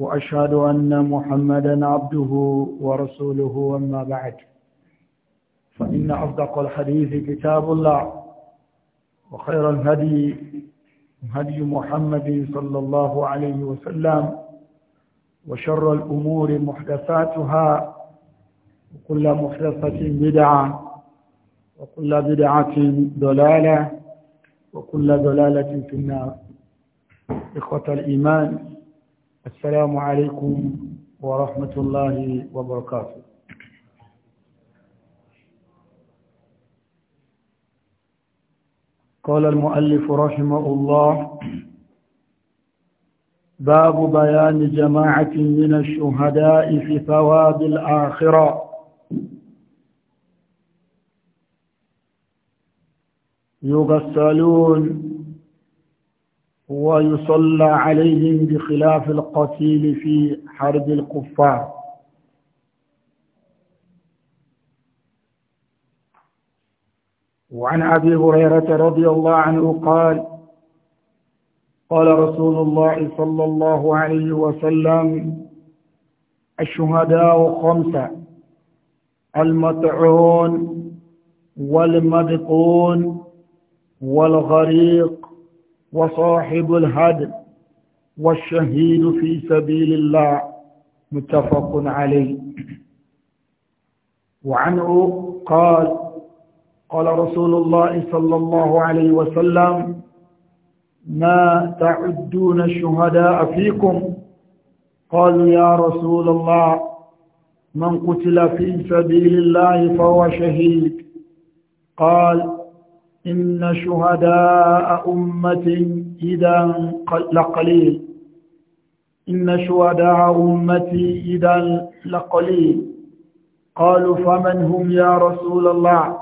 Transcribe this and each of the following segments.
وأشهد أن محمدا عبده ورسوله وما بعد فإن أصدق الحديث كتاب الله وخير الهدي هدي محمد صلى الله عليه وسلم وشر الأمور محدثاتها وكل محدثة بدعة وكل بدعة ضلالة وكل ضلالة في النار إخوة الإيمان السلام عليكم ورحمة الله وبركاته قال المؤلف رحمه الله باب بيان جماعة من الشهداء في ثواب الآخرة يغسلون ويصلى عليهم بخلاف القتيل في حرب الكفار وعن أبي هريرة رضي الله عنه قال قال رسول الله صلى الله عليه وسلم الشهداء خمسة المطعون والمدقون والغريق وصاحب الهدر والشهيد في سبيل الله متفق عليه وعنه قال قال رسول الله صلى الله عليه وسلم ما تعدون الشهداء فيكم قالوا يا رسول الله من قتل في سبيل الله فهو شهيد قال إن شهداء أمة إذا لقليل إن شهداء أمتي إذا لقليل قالوا فمن هم يا رسول الله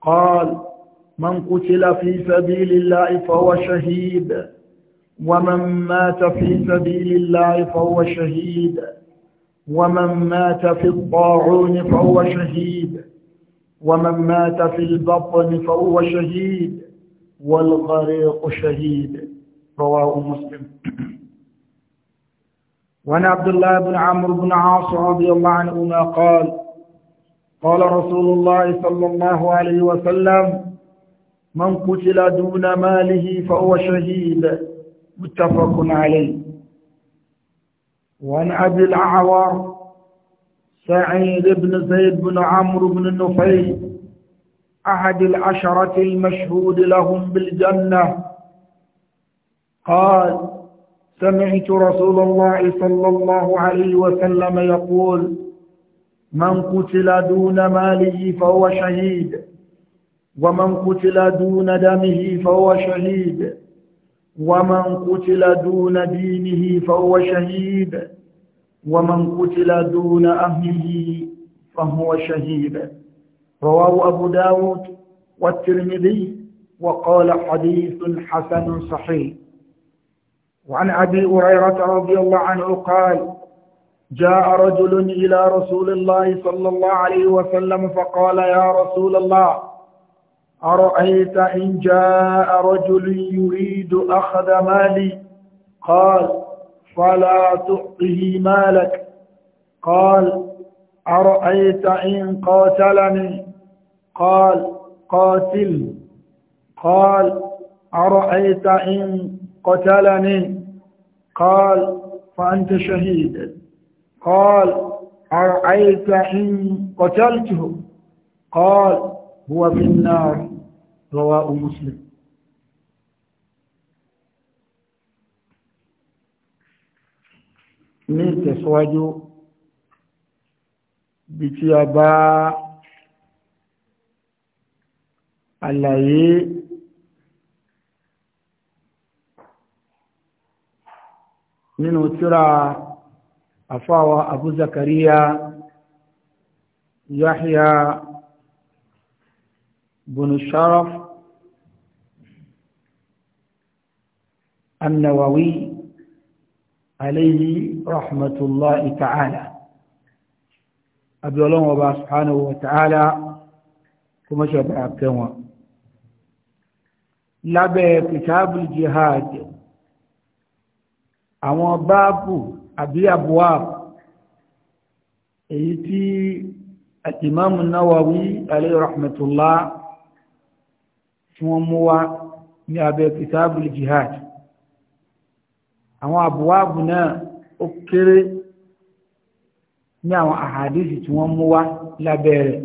قال من قتل في سبيل الله فهو شهيد ومن مات في سبيل الله فهو شهيد ومن مات في الطاعون فهو شهيد ومن مات في البطن فهو شهيد والغريق شهيد رواه مسلم وعن عبد الله بن عمرو بن عاص رضي الله عنهما قال قال رسول الله صلى الله عليه وسلم من قتل دون ماله فهو شهيد متفق عليه وعن أبي الأعور سعيد بن زيد بن عمرو بن النفيل أحد العشرة المشهود لهم بالجنة قال سمعت رسول الله صلى الله عليه وسلم يقول من قتل دون ماله فهو شهيد ومن قتل دون دمه فهو شهيد ومن قتل دون دينه فهو شهيد ومن قتل دون أهله فهو شهيد رواه أبو داود والترمذي وقال حديث حسن صحيح وعن أبي هريرة رضي الله عنه قال جاء رجل إلى رسول الله صلى الله عليه وسلم فقال يا رسول الله أرأيت إن جاء رجل يريد أخذ مالي قال فلا تعطه مالك قال أرأيت إن قاتلني قال قاتل قال أرأيت إن قتلني قال فأنت شهيد قال أرأيت إن قتلته قال هو في النار رواه مسلم ní ìtẹ̀síwájú bí tí a bá àlàyé nínú tíra àfáwà Abu Zakariya Yahya bin Sharaf النووي alayhi rahmatullahi ta'ala abiyọlọ́wọ́ bá subhanahu wa ta'ala kó mọ́ ṣe bá kẹwọn lábẹ́ kìtàbù jihad àwọn báàbù àbí àbúwà èyí tí al-Imam Nawawi alayhi rahmatullah tí wọ́n mú wá ní abẹ́ kìtàbù jihad àwọn àbúwáàbù náà ó kéré ní àwọn àhàdísì tí wọ́n mú wá lábẹ́ rẹ̀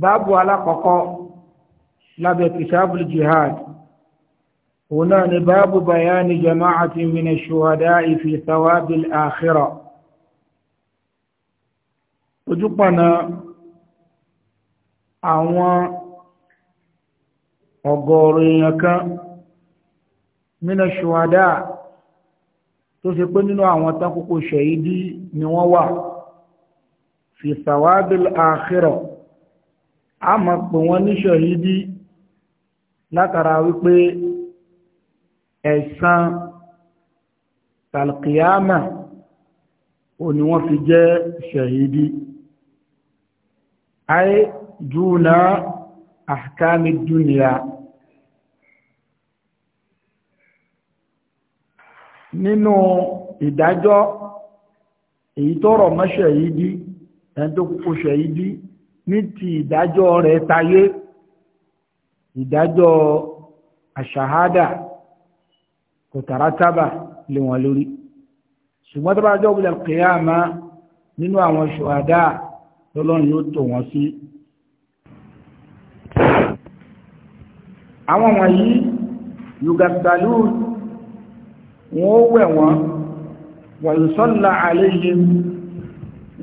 báàbù alákọ̀ọ́kọ́ lábẹ́ kìsàbùl jihad òun náà ni báàbù bayani jama'ati min ash-shuhada'i fi thawabil akhirah ojúpọ̀nà àwọn ọgọ́rùn èèyàn kan mina ṣùwádà tó ṣe pé nínú àwọn tákòókò ṣẹ̀yídí ni wọ́n wà fi sàwábìl àkhírọ̀ a mọ̀ pé wọ́n ní ṣẹ̀yídí látara wípé ẹ̀san talqiyama ò ní wọ́n fi jẹ́ ṣẹ̀yídí ayé júùnà àkàmì dúnìyà nínú ìdájọ́ èyí tó rọ̀ mọ́ ṣẹ̀yídí ẹni tó kúkú ṣẹ̀yídí ní ti ìdájọ́ rẹ̀ tayé ìdájọ́ àṣàhádà kò tàrátàbà lé wọn lórí ṣùgbọ́n tó bá jọ́ wulẹ̀ kìyàmá nínú àwọn ṣùhádà lọ́lọ́run yóò tò wọ́n sí. àwọn wọ̀nyí yugasalud wọ́n wẹ̀ wọ́n wàyùsọ́lá àléyìn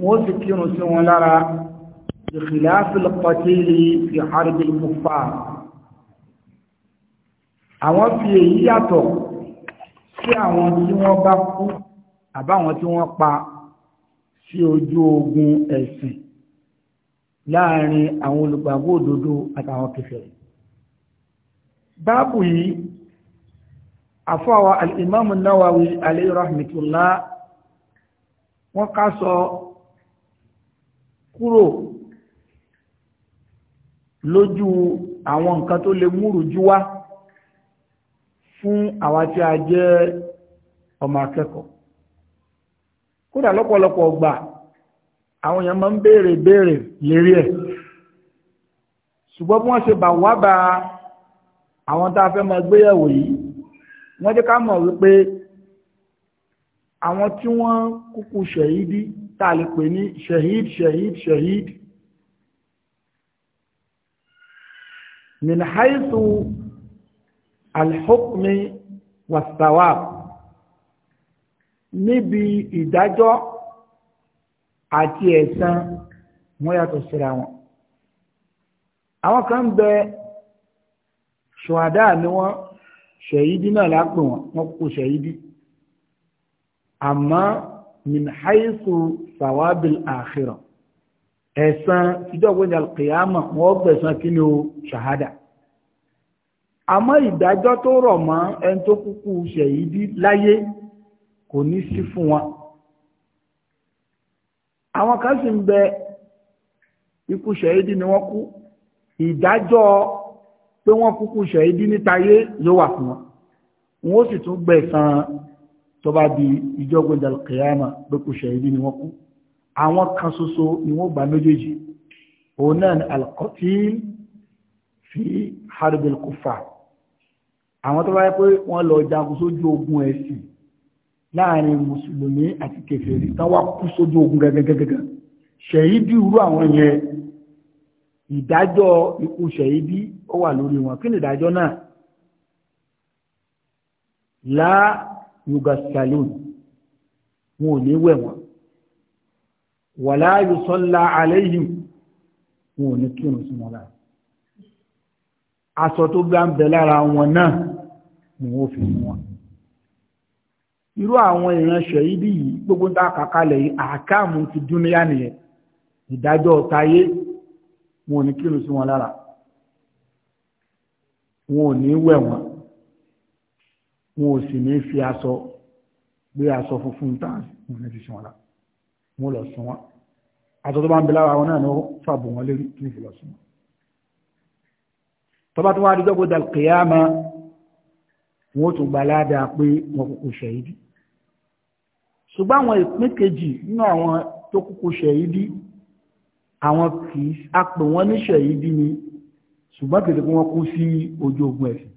wọ́n sì kírun sí wọn lára ìkìláfìlọpọ̀tílì ìhàrìbì ìpùpà àwọn fi èyí yàtọ̀ sí àwọn tí wọ́n bá kú àbáwọn tí wọ́n pa sí ojú ogun ẹ̀sìn láàrin àwọn olùgbàgbọ́ òdodo àtàwọn kèfèrí báàbù yìí àfọwà alìmọ́mù náwàwí alayhi rahmatullah wọ́n ká sọ kúrò lójú àwọn nǹkan tó lè múrù jú wá fún àwa tí a jẹ́ ọmọ akẹ́kọ̀ọ́ kódà lọ́pọ̀lọpọ̀ ọgbà àwọn èèyàn máa ń béèrè béèrè lérí ẹ̀ ṣùgbọ́n bí wọ́n ṣe bà wá àwọn tá a fẹ́ máa gbéyàwó yìí wọ́n jẹ́ ká mọ̀ wípé àwọn tí wọ́n kúkú ṣẹ̀hídí tá a lè pè ní ṣẹ̀híd ṣẹ̀híd ṣẹ̀híd min haithu alhukmi wasawab níbi ìdájọ́ àti ẹ̀san wọ́n yàtọ̀ síra wọn àwọn kan bẹ ṣùwádà ni wọ́n ṣẹ̀yídí náà lápè wọn wọn kò ṣẹ̀yídí àmọ́ min haisu sawabil akhira ẹ̀san ìjọ gbọ́dọ̀ alqiyama wọ́n gbẹ̀san kí ni o ṣahada àmọ́ ìdájọ́ tó rọ̀ mọ́ ẹni tó kúkú ṣẹ̀yídí láyé kò ní sí fún wọn àwọn kan sì ń bẹ ikú ṣẹ̀yídí ni wọ́n kú ìdájọ́ pé wọ́n kúkú ṣẹ̀ẹ́dí nítayé yóò wà fún wọn wọ́n sì tún gbẹ̀san tó bá di ìjọgbọ́n jalkiyama pé kú ṣẹ̀ẹ́dí ni wọ́n kú àwọn kan ṣoṣo ni wọ́n gbà méjèèjì òun náà ni alkotil fi harbil kufa àwọn tó bá yẹ pé wọ́n lọ jagun sójú ogun ẹ̀sìn láàrin mùsùlùmí àti kèfèrí tán wá kú sójú ogun gẹ́gẹ́gẹ́gẹ́ ṣẹ̀yí bí irú àwọn yẹn ìdájọ́ ikú ṣẹ̀yìdí ó wà lórí wọn kí ni ìdájọ́ náà la yugasalun wọn ò ní wẹ̀ wọn wala yusalla alayhim wọn ò ní kírun sí wọn lára aṣọ tó gbá ń bẹ lára wọn náà ni wọn fi wọn irú àwọn èèyàn ṣẹ̀yìdí yìí gbogbo ń ta kàkálẹ̀ yìí àkáàmù ti dúnúyà nìyẹn ìdájọ́ ọ̀tayé wọn ò ní kírun sí wọn lára wọn ò ní wẹ̀ wọn wọn ò sì ní fi aṣọ gbé aṣọ funfun tán wọn ní fi sí wọn lára wọn lọ sùn wọn aṣọ tó bá ń bẹ lára wọn náà ni ó fàbò wọn lérí kí ní fi lọ sùn wọn tọba tó wá di dọ́gbọ́dà kìyàmá wọn ó tún gba aládàá pé wọn kúkú ṣẹ̀yìdì ṣùgbọ́n àwọn ìpín kejì nínú àwọn tó kúkú ṣẹ̀yìdì àwọn kì í apè wọ́n níṣẹ̀ yìí bí ni ṣùgbọ́n kìí pé wọ́n kú sí ojú ogun ẹ̀sìn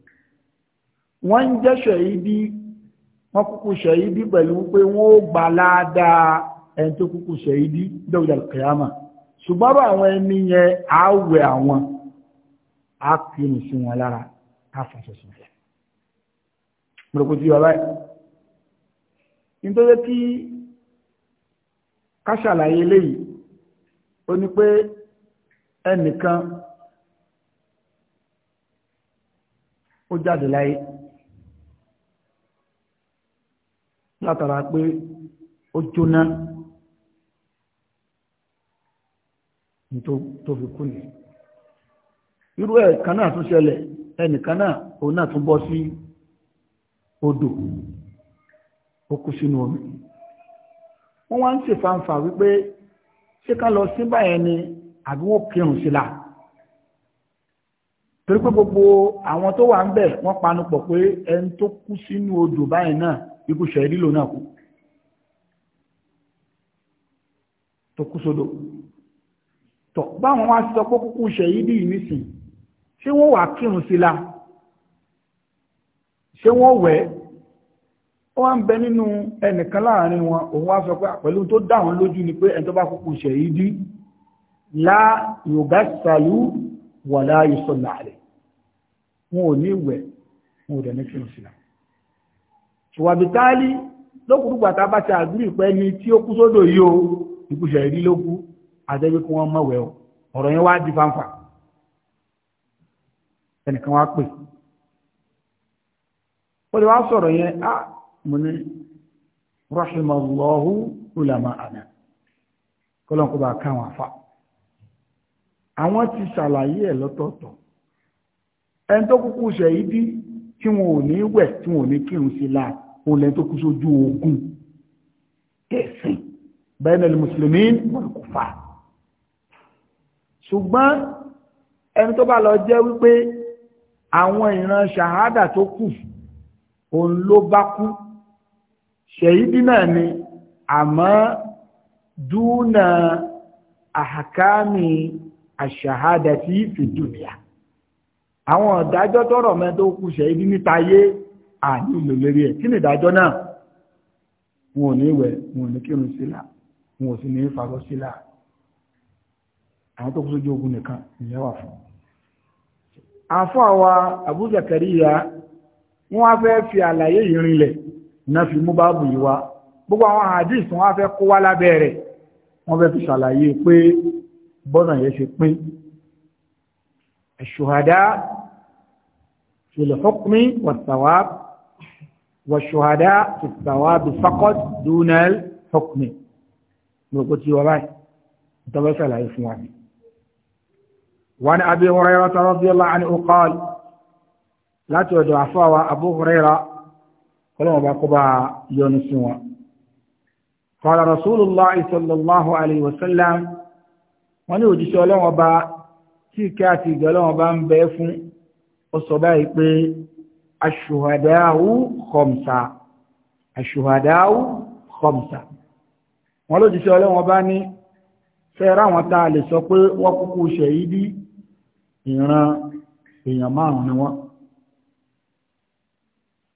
wọ́n ń jẹ́ṣẹ̀ yìí bí wọ́n kúkú ṣẹ̀ yìí bí pẹ̀lú pé wọ́n ó gbà ládàá ẹni tó kúkú ṣẹ̀ yìí bí dọ́gbà kìyàmà ṣùgbọ́n bá àwọn ẹni yẹn á wẹ̀ àwọn á kìíní sí wọn lára á fọṣọ sí wọn. mo rò pé tí nítorí kí ká ṣàlàyé eléyìí ó ní pé ẹnìkan ó jáde láyé látara pé ó jóná tó fi kú ni irú kan náà tún ẹnìkan náà òun náà tún bọ́ sí odò ó kú sínú omi wá ń ṣé ká lọ sí báyẹn ni àbí wọ́n kírun sí la torí pé gbogbo àwọn tó wà ń bẹ̀ wọ́n panu pọ̀ pé ẹni tó kú sínú odò báyẹn náà ikú ṣẹ̀rí lò náà kú tó kú sódò tọ̀ báwọn wá sọ pé kúkú ṣẹ̀yí bí ìmísìn ṣé wọ́n wà kírun sí la ṣé wọ́n wẹ̀ẹ́ ó wá ń bẹ nínú ẹnìkan láàrin wọn òun wá sọ pé pẹ̀lú tó dá wọn lójú ni pé ẹni tó bá kúkú ṣẹ̀ yìí dí lá yorùbá sàlú wà láàyè sọ làálẹ̀ wọn ò ní ìwẹ̀ wọn ò dẹ̀ ní fíìmù sílá ṣùwàbí táálí lókùrùgbà tá a bá ti àdúrà ìpẹ́ ni tí ó kú sódò yìí o ìkúṣẹ̀ rí ló kú àtẹ́bí kí wọ́n mọ̀wẹ́ o ọ̀rọ̀ yẹn wá di fáńfà ẹnìkan wá pè ó lè wá sọ̀rọ̀ yẹn ah, mo ní rahimallahu ulama'ana kọ́lọ́nkọ́ bá káwọn àfà àwọn ti ṣàlàyé ẹ̀ lọ́tọ̀ọ̀tọ̀ ẹni tó kúkú ṣẹ̀yídí tí wọn ò ní wẹ̀ tí wọn ò ní kírun sí láà òun lẹ́ni tó kú sójú ogun kẹsìn bayna al-muslimin wal kufar ṣùgbọ́n ẹni tó bá lọ jẹ́ wípé àwọn ìran ṣàhádà tó kù òun ló bá kú ṣẹ̀yídí náà ni àmọ́ dúnà àhàkámi àṣàhádà tí fìdúnìyà àwọn ìdájọ́ tọ́rọ̀ mẹ́ tó kú ṣẹ̀yídí níta yé àní ìlò lórí ẹ̀ kí ni ìdájọ́ náà wọn ò ní wẹ̀ wọn ò ní kírun sílá wọn ò sì ní fàgọ́ sílá àwọn tó kú sójú ogun nìkan ìyẹn wà fún àfọ́ àwa Abu Zakariya wọ́n á fẹ́ fi àlàyé yìí rinlẹ̀ náà fi mú báàbù yìí wá gbogbo àwọn hadith wọn fẹ́ kó wá lábẹ́ rẹ̀ wọ́n fẹ́ fi ṣàlàyé pé bọ́nà yẹn ṣe pín ṣùhàdá fìlìfọ́kùnmí wàtàwàb wàṣùhàdá fìtàwàb faqat dúnàl fọ́kùnmí lóko tí wọ́n báyìí tọ́wọ́ ṣàlàyé fún wa. wọn kọ́lọ́wọ́n bá kó bá yọ́nú sí wọn. Qala Rasulullah sallallahu alayhi wa sallam wọ́n ní òjíṣẹ́ ọlọ́wọ́n bá tí ìkẹ́ àti ìgbẹ́ ọlọ́wọ́n bá ń bẹ fún ó sọ báyìí pé aṣùhàdáwù khamsa aṣùhàdáwù khamsa wọ́n lójíṣẹ́ ọlọ́wọ́n bá ní fẹ́ra wọn tá a lè sọ pé wọ́n kúkú ṣẹ̀yí bí ìran èèyàn márùn-ún ni wọ́n.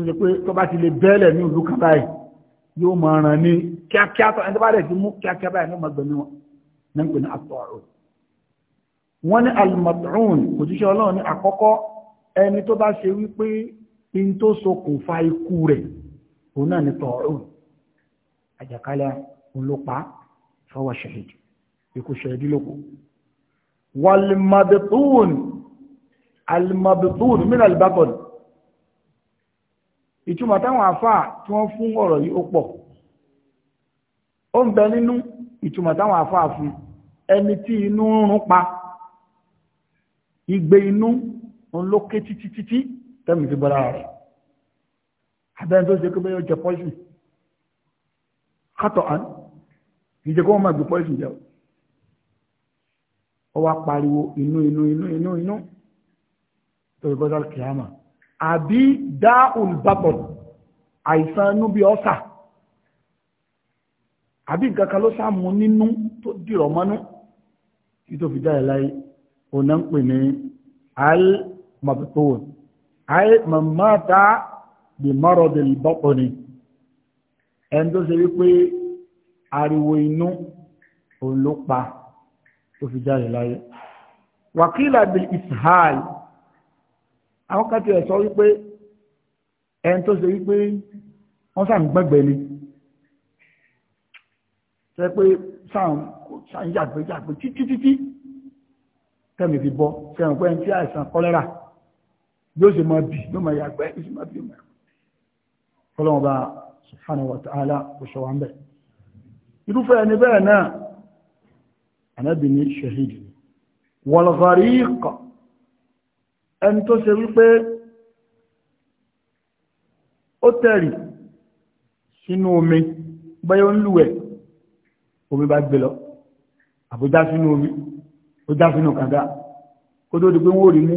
tó ṣe pé tó bá ti lè bẹ́ẹ̀lẹ̀ ní ìlú kan báyìí yóò mọ ọ̀ràn ní kíákíá tó ẹni tó bá rẹ̀ ti mú kíákíá báyìí ní ọmọ gbẹ̀mí wọn ní ń pè ní àtọ̀rọ̀ wọ́n ní almatrun òjíṣẹ́ ọlọ́run ní àkọ́kọ́ ẹni tó bá ṣe wípé in tó ṣokùnfà ikú rẹ̀ òun náà ní tọ̀rọ̀ àjàkálẹ̀ òun fọwọ́ ṣẹ̀hìdì ikú ṣẹ̀hìdì lóko walmabtun almabtun min ìtumọ̀ táwọn àfáà tí wọ́n fún ọ̀rọ̀ yìí ó pọ̀ ó ń bẹ nínú ìtumọ̀ táwọn àfáà fún ẹni tí inú ń rún pa igbe inú ń lókè títí títí tẹ́mi fi bọ́ra rẹ̀ abẹ́rẹ́ tó ṣe pé bẹ́ẹ̀ jẹ pọ́ìsìn kátọ̀ án kì í ṣe kó wọ́n máa gbé pọ́ìsìn jẹ ọ wá pariwo inú inú inú inú inú torí gbọ́dọ̀ kìámà àbí dáhùn bàbọ̀ àìsàn inú bí ọ́sà àbí nǹkan kan ló sáàmù nínú tó dìrọ̀ mọ́nú tí tó fi jáde láyé ọ̀nà ń pè ní al-mabtun al-mamata bi maradil batni ẹni tó ṣe wípé ariwo inú òun ló pa tó fi jáde láyé wàkílà bil ishal àwọn kan tiẹ̀ sọ wípé ẹni tó ṣe wípé wọ́n sàn gbẹ́gbẹ́ ni ṣe pé sàn sàn yàgbé yàgbé títí títí tẹ̀mí fi bọ́ sẹ́wọ̀n pé ẹni tí àìsàn kọ́lẹ́rà yóò ṣe máa bì yóò máa yàgbẹ́ yóò ṣe máa bì yóò máa yàgbẹ́ ọlọ́run bá subhanahu wa ta'ala kò ṣọ wa ń bẹ̀. irúfẹ́ ẹni bẹ́ẹ̀ náà ànábì ní ṣahid wal ẹni tó ṣe wípé ó tẹ̀rì sínú omi bẹ́yẹ ó ń lúwẹ̀ omi bá gbé lọ àbújá sínú omi ó já sínú kàdá kó tó di pé wó rí mú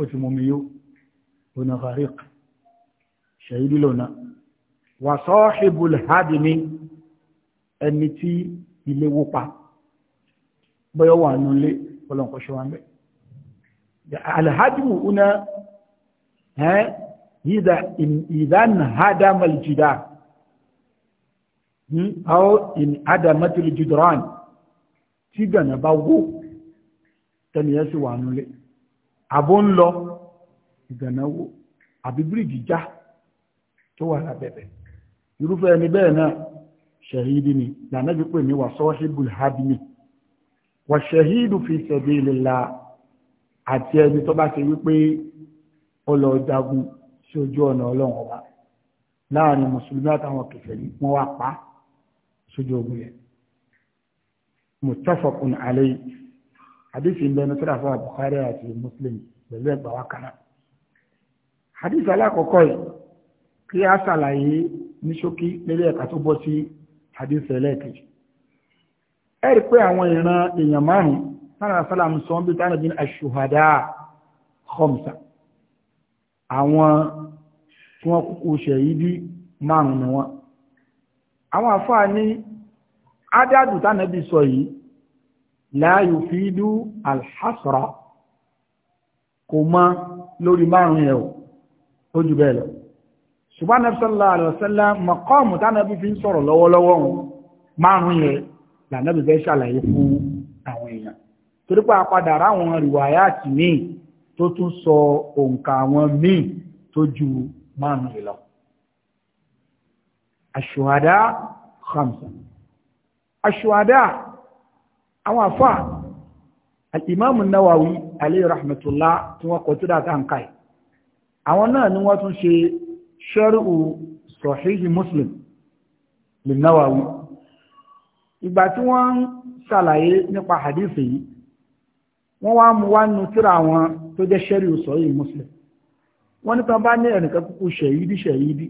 ó ti mọ̀mí yóò ọ̀nà farik ṣẹ̀yìdí lọ́nà wà sọ́ọ̀ṣìbùl hábì ní ẹni tí ilé wó pa bẹ́yẹ wà nílé ọlọ́nkọ́ṣọ́ wa mẹ́rin alhajmu una eh idha idhan hadama aljidar hmm aw in adamat aljidran tí gana bá wó tani yasi wa nule abon lọ gana wó àbí bridge já tó wà lábẹ́bẹ̀ irúfẹ́ ẹni bẹ́ẹ̀ náà ṣẹ̀hídì ni lànàbí pè ní wà sọ́ọ́ṣíbùl hábìlì wà ṣẹ̀hídù fi sabilillah àti ẹni tó bá ṣe wípé ó lọ jagun sí ojú ọ̀nà ọlọ́run ọba láàrin mùsùlùmí àtàwọn kèfèrí wọ́n wá pa sójú ogun yẹn muttafaqun alayhi hadith ń bẹnu tírà fún Bukhari àti Muslim pẹ̀lú ẹgbà wa kan náà hadith alákọ̀ọ́kọ́ yìí kí a ṣàlàyé ní ṣókí lórí ẹ̀ka tó bọ́ sí hadith ẹlẹ́ẹ̀kejì ẹ̀rí pé àwọn ìran èèyàn márùn-ún sára sálàmù sọ ń bí tánà bí aṣùhàdá khamsa àwọn tí wọ́n kúkú ṣẹ̀yídí márùn ni wọ́n àwọn àfáà ní ádádù tánà bí sọ yìí la yufidu alhasra kò mọ́ lórí márùn yẹ̀ ó jù bẹ́ẹ̀ lọ ṣùgbọ́n Ànábì sallallahu alaihi tánà bí fi ń sọ̀rọ̀ lọ́wọ́lọ́wọ́ márùn yẹ̀ lànàbì fẹ́ ṣàlàyé fún àwọn èèyàn torí pé àpadà ráwọn rìwáyàtì míì tó tún sọ òǹkà àwọn míì tó ju márùn-ún lọ. àṣùwádà khamsa àṣùwádà àwọn àfà al-Imam Nawawi alayhi tí wọ́n kọ tíra tá n káì àwọn náà ni wọ́n tún ṣe shar'u Sahih Muslim lin-Nawawi ìgbà tí wọ́n ń ṣàlàyé nípa hadith yìí wọ́n wá mú wá nu tíra wọn tó jẹ́ sẹ́rí sọ́yìn Muslim wọ́n ní tán bá ní ẹnìkan kúkú ṣẹ̀yídí ṣẹ̀yídí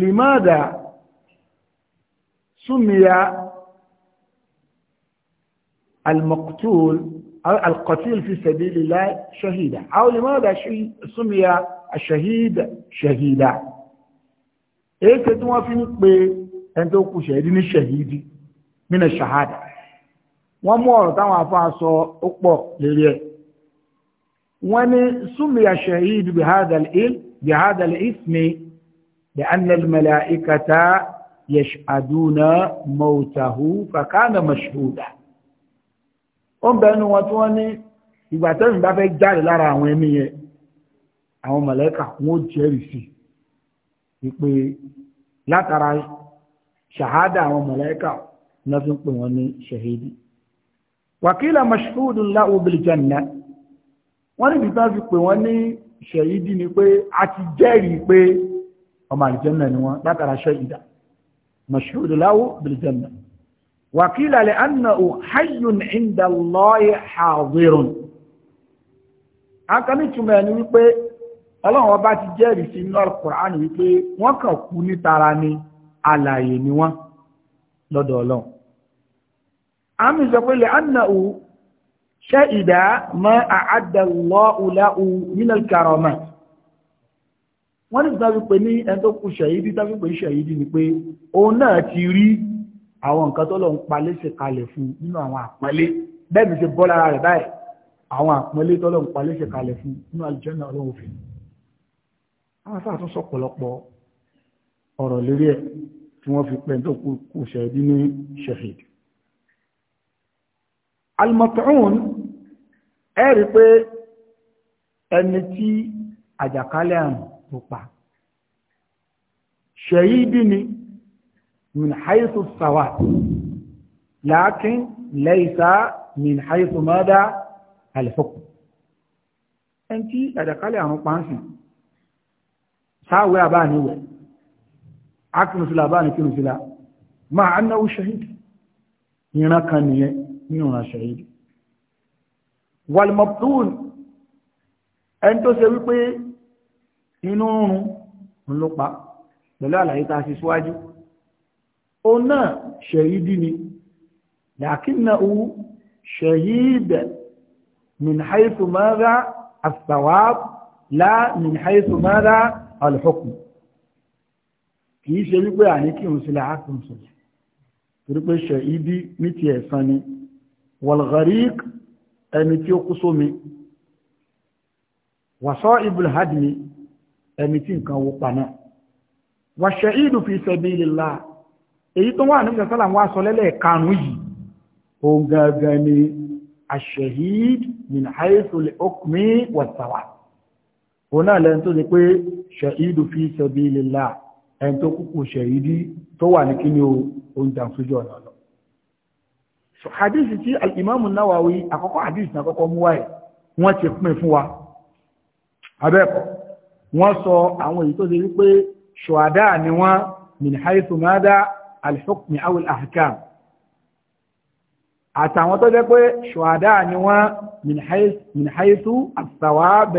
limada súnmìyà al-maqtul al-qatil fi sabilillah ṣahida àwọn limada súnmìyà ṣahida ṣahida èyí tí wọ́n fi ń pe ẹni tó kú ṣẹ̀yídí ní ṣẹ̀yídí nínú ṣahada wọ́n mú ọ̀rọ̀ táwọn afáà sọ ó pọ̀ lérí ẹ̀ wọ́n ní súnmi ash-shahid bihadha al-ismi bi anna al-mala'ikata yash'aduna mawtahu fa kana mashhuda ó ń bẹ nínú wọn tí wọ́n ní ìgbà tẹ́mi bá fẹ́ jáde lára àwọn ẹni yẹn àwọn màláíkà wọn ó jẹ́rìí sí wípé látara ṣàhádà àwọn màláíkà náà fi ń pè wọ́n ní ṣahidi wàkílà mashhudu lahu bil janna wọ́n níbi tá fi pè wọ́n ní ṣẹ̀yídì ni pé a ti jẹ́rìí pé ọmọ àlìjẹ́nà ni wọ́n látara ṣẹ́yìdà mashhudu lahu bil janna wàkílà lè anna ò hayyun inda Allahi hadirun akọ́nìtumọ̀ ẹni wípé ọlọ́run ọba ti jẹ́rìí sí inú al wípé wọ́n kàn kú ní tara ni alàyè ni wọ́n lọ́dọ̀ ọlọ́run àmì sọ pé lè annahu shahida ma a'adda Allahu lahu min al-karamat wọ́n ní tàbí pé ní ẹni tó kú ṣẹ̀yídí tàbí pé ṣẹ̀yídí ni pé òun náà ti rí àwọn nǹkan tó lọ ń palẹ́ sí kalẹ̀ fún nínú àwọn àpọ́nlé bẹ́ẹ̀ mi ṣe bọ́ lára rẹ̀ báyìí àwọn àpọ́nlé tó lọ ń palẹ́ sí kalẹ̀ fún nínú àlùjànnà ọlọ́run òfin àwọn afáà tún sọ ọ̀rọ̀ lérí ẹ̀ tí wọ́n fi pẹ́ tó ní ṣẹ̀yídí almat'un ẹ rí pé ẹni tí àjàkálẹ̀ àrùn tó pa ṣẹ̀yídì ni min haythu sawat lakin laysa min haythu mada al-hukm ẹni tí àjàkálẹ̀ àrùn pa ń sìn sáwẹ́ àbáníwẹ̀ akínusílá àbáníkínusílá máa annáwó ṣẹ̀yídì ìran kan nìyẹn nínú ìrànṣẹ́ yìí walmabtun ẹni tó ṣe wípé inú rún ló pa pẹ̀lú àlàyé tá a ṣe síwájú ó náà ṣẹ̀yídí ni lakinnahu ṣẹ̀yíd min haythu madha as-sawab la min haythu madha al-hukm kìí ṣe wípé àníkí òun sílẹ̀ ákùn sọ̀rọ̀ torípé ṣẹ̀yídí ní ti ẹ̀san ni wal-ghariq ẹni tí ó kú sómi wa sa'ibul hadmi ẹni tí nǹkan wó paná wa shahidu fi sabilillah èyí tó wà nígbà sálà wọ́n aṣọ lẹ́lẹ̀ karùn-ún yìí òun gangan ni ash-shahid min haythu al-hukmi was náà lẹ́yìn tó ní pé shahidu fi sabilillah ẹni tó kúkú shahidi so hadith tí al-imam nawawi àkọ́kọ́ hadith na kọ́kọ́ mú wáyé wọ́n ti pín fún wa abẹ́kọ̀ wọ́n sọ àwọn èyí tó ṣe wípé ṣùhádà ni wọ́n min haythu mada al-hukm aw al-ahkam àtàwọn tó jẹ́ pé ṣùhádà ni wọ́n min haythu al-thawab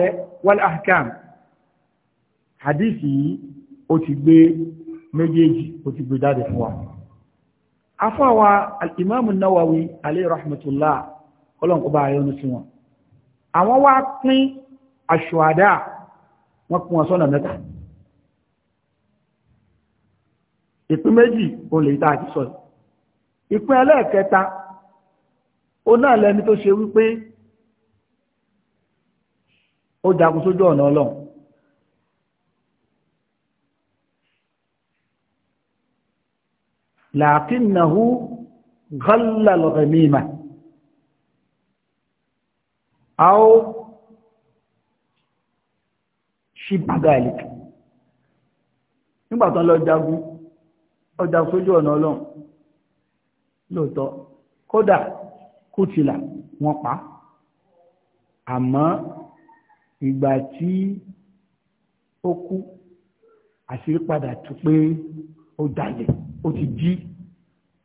wal-ahkam hadith yìí ó ti gbé méjèèjì ó ti gbé jáde fún wa afọ́wà al'imamun nawawi alayhi rahmatullah ọlọ́n kọba ayọ́nu sí wọn àwọn wá pín aṣọ́adá wọn kún ọ̀sọ́nà mẹ́ta ìpín méjì olè ìta àti sọ́ọ̀ ìpín ẹlẹ́ẹ̀kẹta ó náà lẹ́ni tó ṣe wípé ó jagun sójú ọ̀nà ọlọ́run làákínnahu ghalla al-ghamima aw shibha dhalik nígbà tán lọ jagun ọjà sójú ọ̀nà ọlọ́run lóòótọ́ kódà kùtìlà wọ́n pa àmọ́ ìgbà tí ó kú àṣírí padà tú pé ó jalè ó ti jí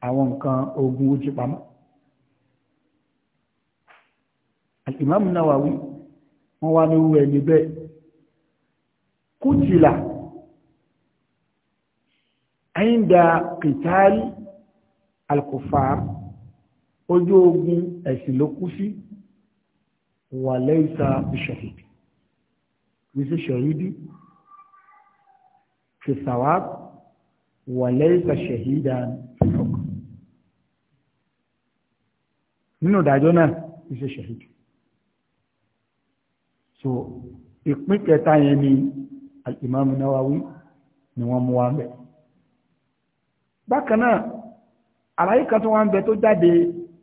àwọn nǹkan ogun ojú pamọ́ Al-Imam Nawawi wọ́n wá ní orú ẹni bẹ́ẹ̀ kútìlà àyíndà kìtàlì al-kuffar ojú ogun ẹ̀sìn ló kú sí wà laysa bishahid wíṣẹ́ ṣẹ̀hídì fi wà laysa shahidan nínú ìdájọ́ náà iṣẹ́ ṣahid so ìpín kẹta yẹn ni al-Imam Nawawi ni wọ́n mú wa bẹ̀ bákan náà àlàyé kan tó wá ń bẹ tó jáde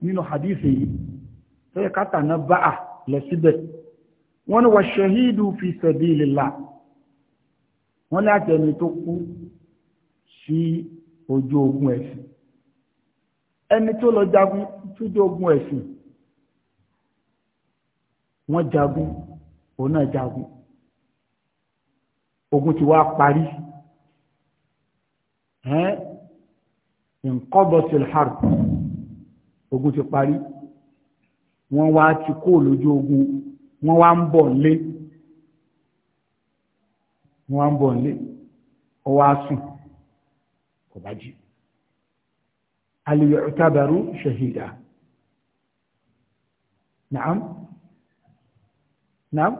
nínú hadith yìí tó yẹ ká tàná bá a lọ síbẹ̀ wọ́n ní wà ṣahidu fi sabilillah wọ́n ní àtẹni tó kú sí ojú ogun ẹ̀sìn ẹni tó lọ jagun tó jogun ẹ̀sìn wọ́n jagun òun náà jagun ogun ti wá parí ẹ́n nkọ́bọ̀sìl harb ogun ti parí wọ́n wá ti kó lójú ogun wọ́n wá ń bọ̀ nlé wọ́n wá ń bọ̀ nlé ọwọ́ á sùn kò bá jí. هل يعتبر شهيدا نعم نعم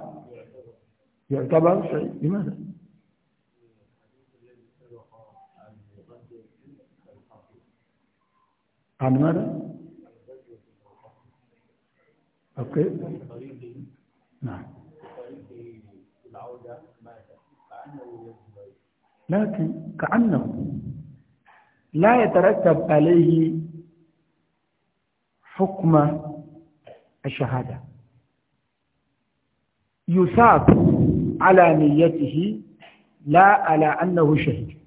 يعتبر شهيد لماذا عن ماذا اوكي نعم لكن كأنه لا يترتب عليه حكم الشهادة يثاب على نيته لا على أنه شهيد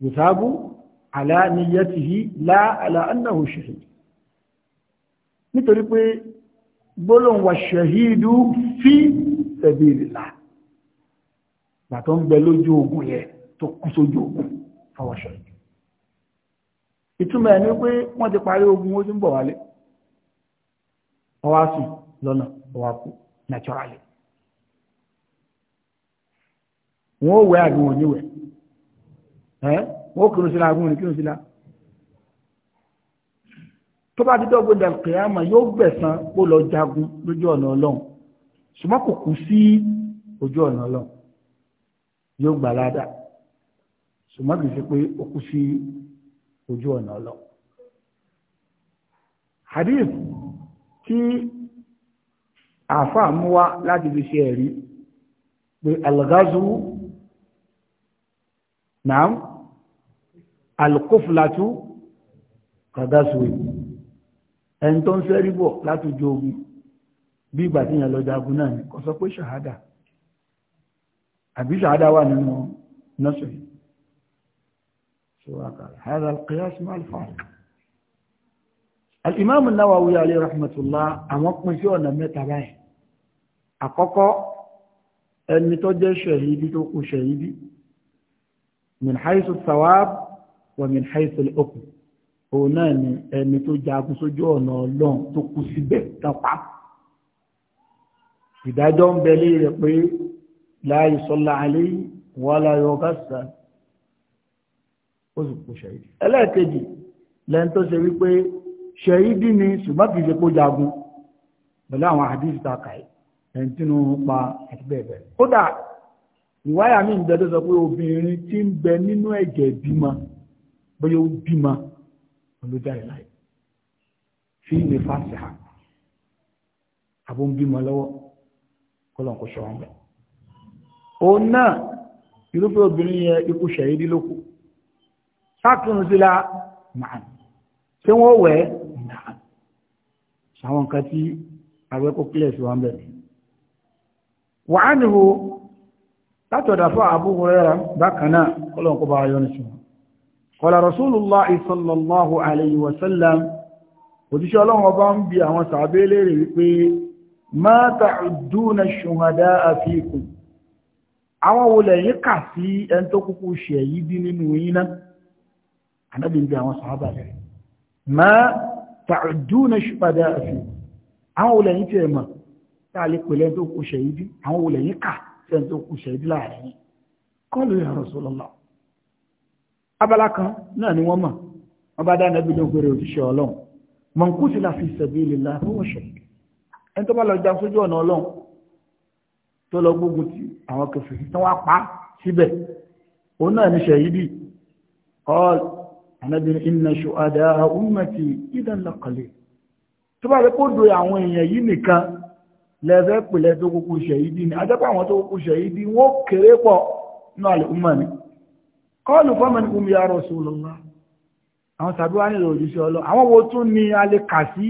يثاب على نيته لا على أنه شهيد nítorí pé gbólóhùn wa ṣẹ̀hídú fi sabilillah gbà tó ń bẹ lójú ogun yẹ tó kú sójú ogun fọwọ́ ṣẹ̀hídú ìtumọ̀ ẹ̀ ní pé wọ́n ti parí ogun ó ti ń bọ̀ wálé ọwá sùn lọ́nà ọwá kú naturally wọ́n ó wọn ní ẹ́ wọ́n ó kírun síra kírun tó bá ti dọ́gbọ́n dà yóò gbẹ̀san ó jagun ọ̀nà ọlọ́run ṣùgbọ́n kò ojú ọ̀nà ọlọ́run yóò gbà ládàá ṣùgbọ́n kì í ojú ọ̀nà lọ. hadith tí àfáà mú wá láti fi ṣe ẹ̀rí pé algazu naam alkuflatu kagasuwe ẹni tó ń sẹ́rí bọ̀ láti ojú ogun bí ìgbà tí yẹn lọ jagun náà ni kò sọ pé ṣàhádà àbí ṣàhádà wà nínú nọ́sọ̀rì سواء هذا القياس ما الفارق الإمام النووي عليه رحمة الله أمق من شو أنا متابعه أقوى أن توجه شهيدي توقو شهيدي من حيث الثواب ومن حيث الحكم òun náà ni ẹni tó jagun sójú ọ̀nà ọlọ́run tó kú síbẹ̀ tápá ìdájọ́ ń bẹ lé ó sì kú ṣẹ̀yìdì ẹlẹ́ẹ̀kejì lẹ́yìn tó ṣe wípé ṣẹ̀yìdì ni ṣùgbọ́n kì í ṣe kó jagun pẹ̀lú àwọn àdìsí ta kàí ẹni tí ó pa àti bẹ́ẹ̀ bẹ́ẹ̀ kódà ìwáyà mi ń bẹ tó sọ pé obìnrin tí ń bẹ nínú ẹ̀jẹ̀ bímọ bóyá ó bímọ olùdarí láì fi ìwé fásitì hàn àbó ń bímọ lọ́wọ́ kọlọ̀n kò ṣọ́wọ́n bẹ̀. òun náà irúfẹ́ obìnrin yẹ ikú ṣẹ̀yìdì lókùn sákùnzílá màá ṣé wọ́n wẹ̀ ẹ́ náà ṣàwọn nǹkan tí àwẹ̀ kó kílẹ̀ sí wọn bẹ̀rẹ̀. wà á nìho látọ̀dà fún Abu Hurairah bákan náà kọ́lọ́n kó bá yọ ní sùn. kọ́lá rasulullah sallallahu alayhi wa sallam òjíṣẹ́ ọlọ́run ọba ń bi àwọn sàbẹ́ léèrè wípé ma ta'udduna shuhada'a fikum àwọn wo lẹ́yìn kà sí ẹni tó kúkú ṣẹ̀yí dín nínú yín náà ànábì ń bí àwọn sàábà rẹ̀ ma ta'uduna shuhada fi àwọn olẹ̀yìn tí ẹ mọ̀ táàlé pẹ̀lẹ́ tó kù ṣẹ̀yìdí àwọn olẹ̀yìn kà sẹ́ni tó kù ṣẹ̀yìdí láàrin yìí kọlu ya Rasulullah abala kan náà ni wọ́n mọ̀ wọ́n bá dá nàbí lóògbére òjíṣẹ́ ọlọ́run man qutila fi sabilillah fún ọ̀ṣẹ̀ ẹni tó bá lọ ja sójú ọ̀nà lọ anábì iná ṣùgbọ́dá ọmọtí ìdánlọ́kọ̀lẹ̀ tó bá rẹ̀ kó do àwọn èèyàn yìí nìkan lẹ́fẹ́ pèlẹ̀ tó kúkú ṣẹ̀yìdì ni ajẹ́pọ̀ àwọn tó kúkú ṣẹ̀yìdì wọ́n kéré pọ̀ náà lè ọmọ ni kọ́ọ̀lù fọ́mọ̀nì kùn ya Rasulullah àwọn tàbí wá nílò òjíṣẹ́ ọlọ́ àwọn wo tún ni a lè kà sí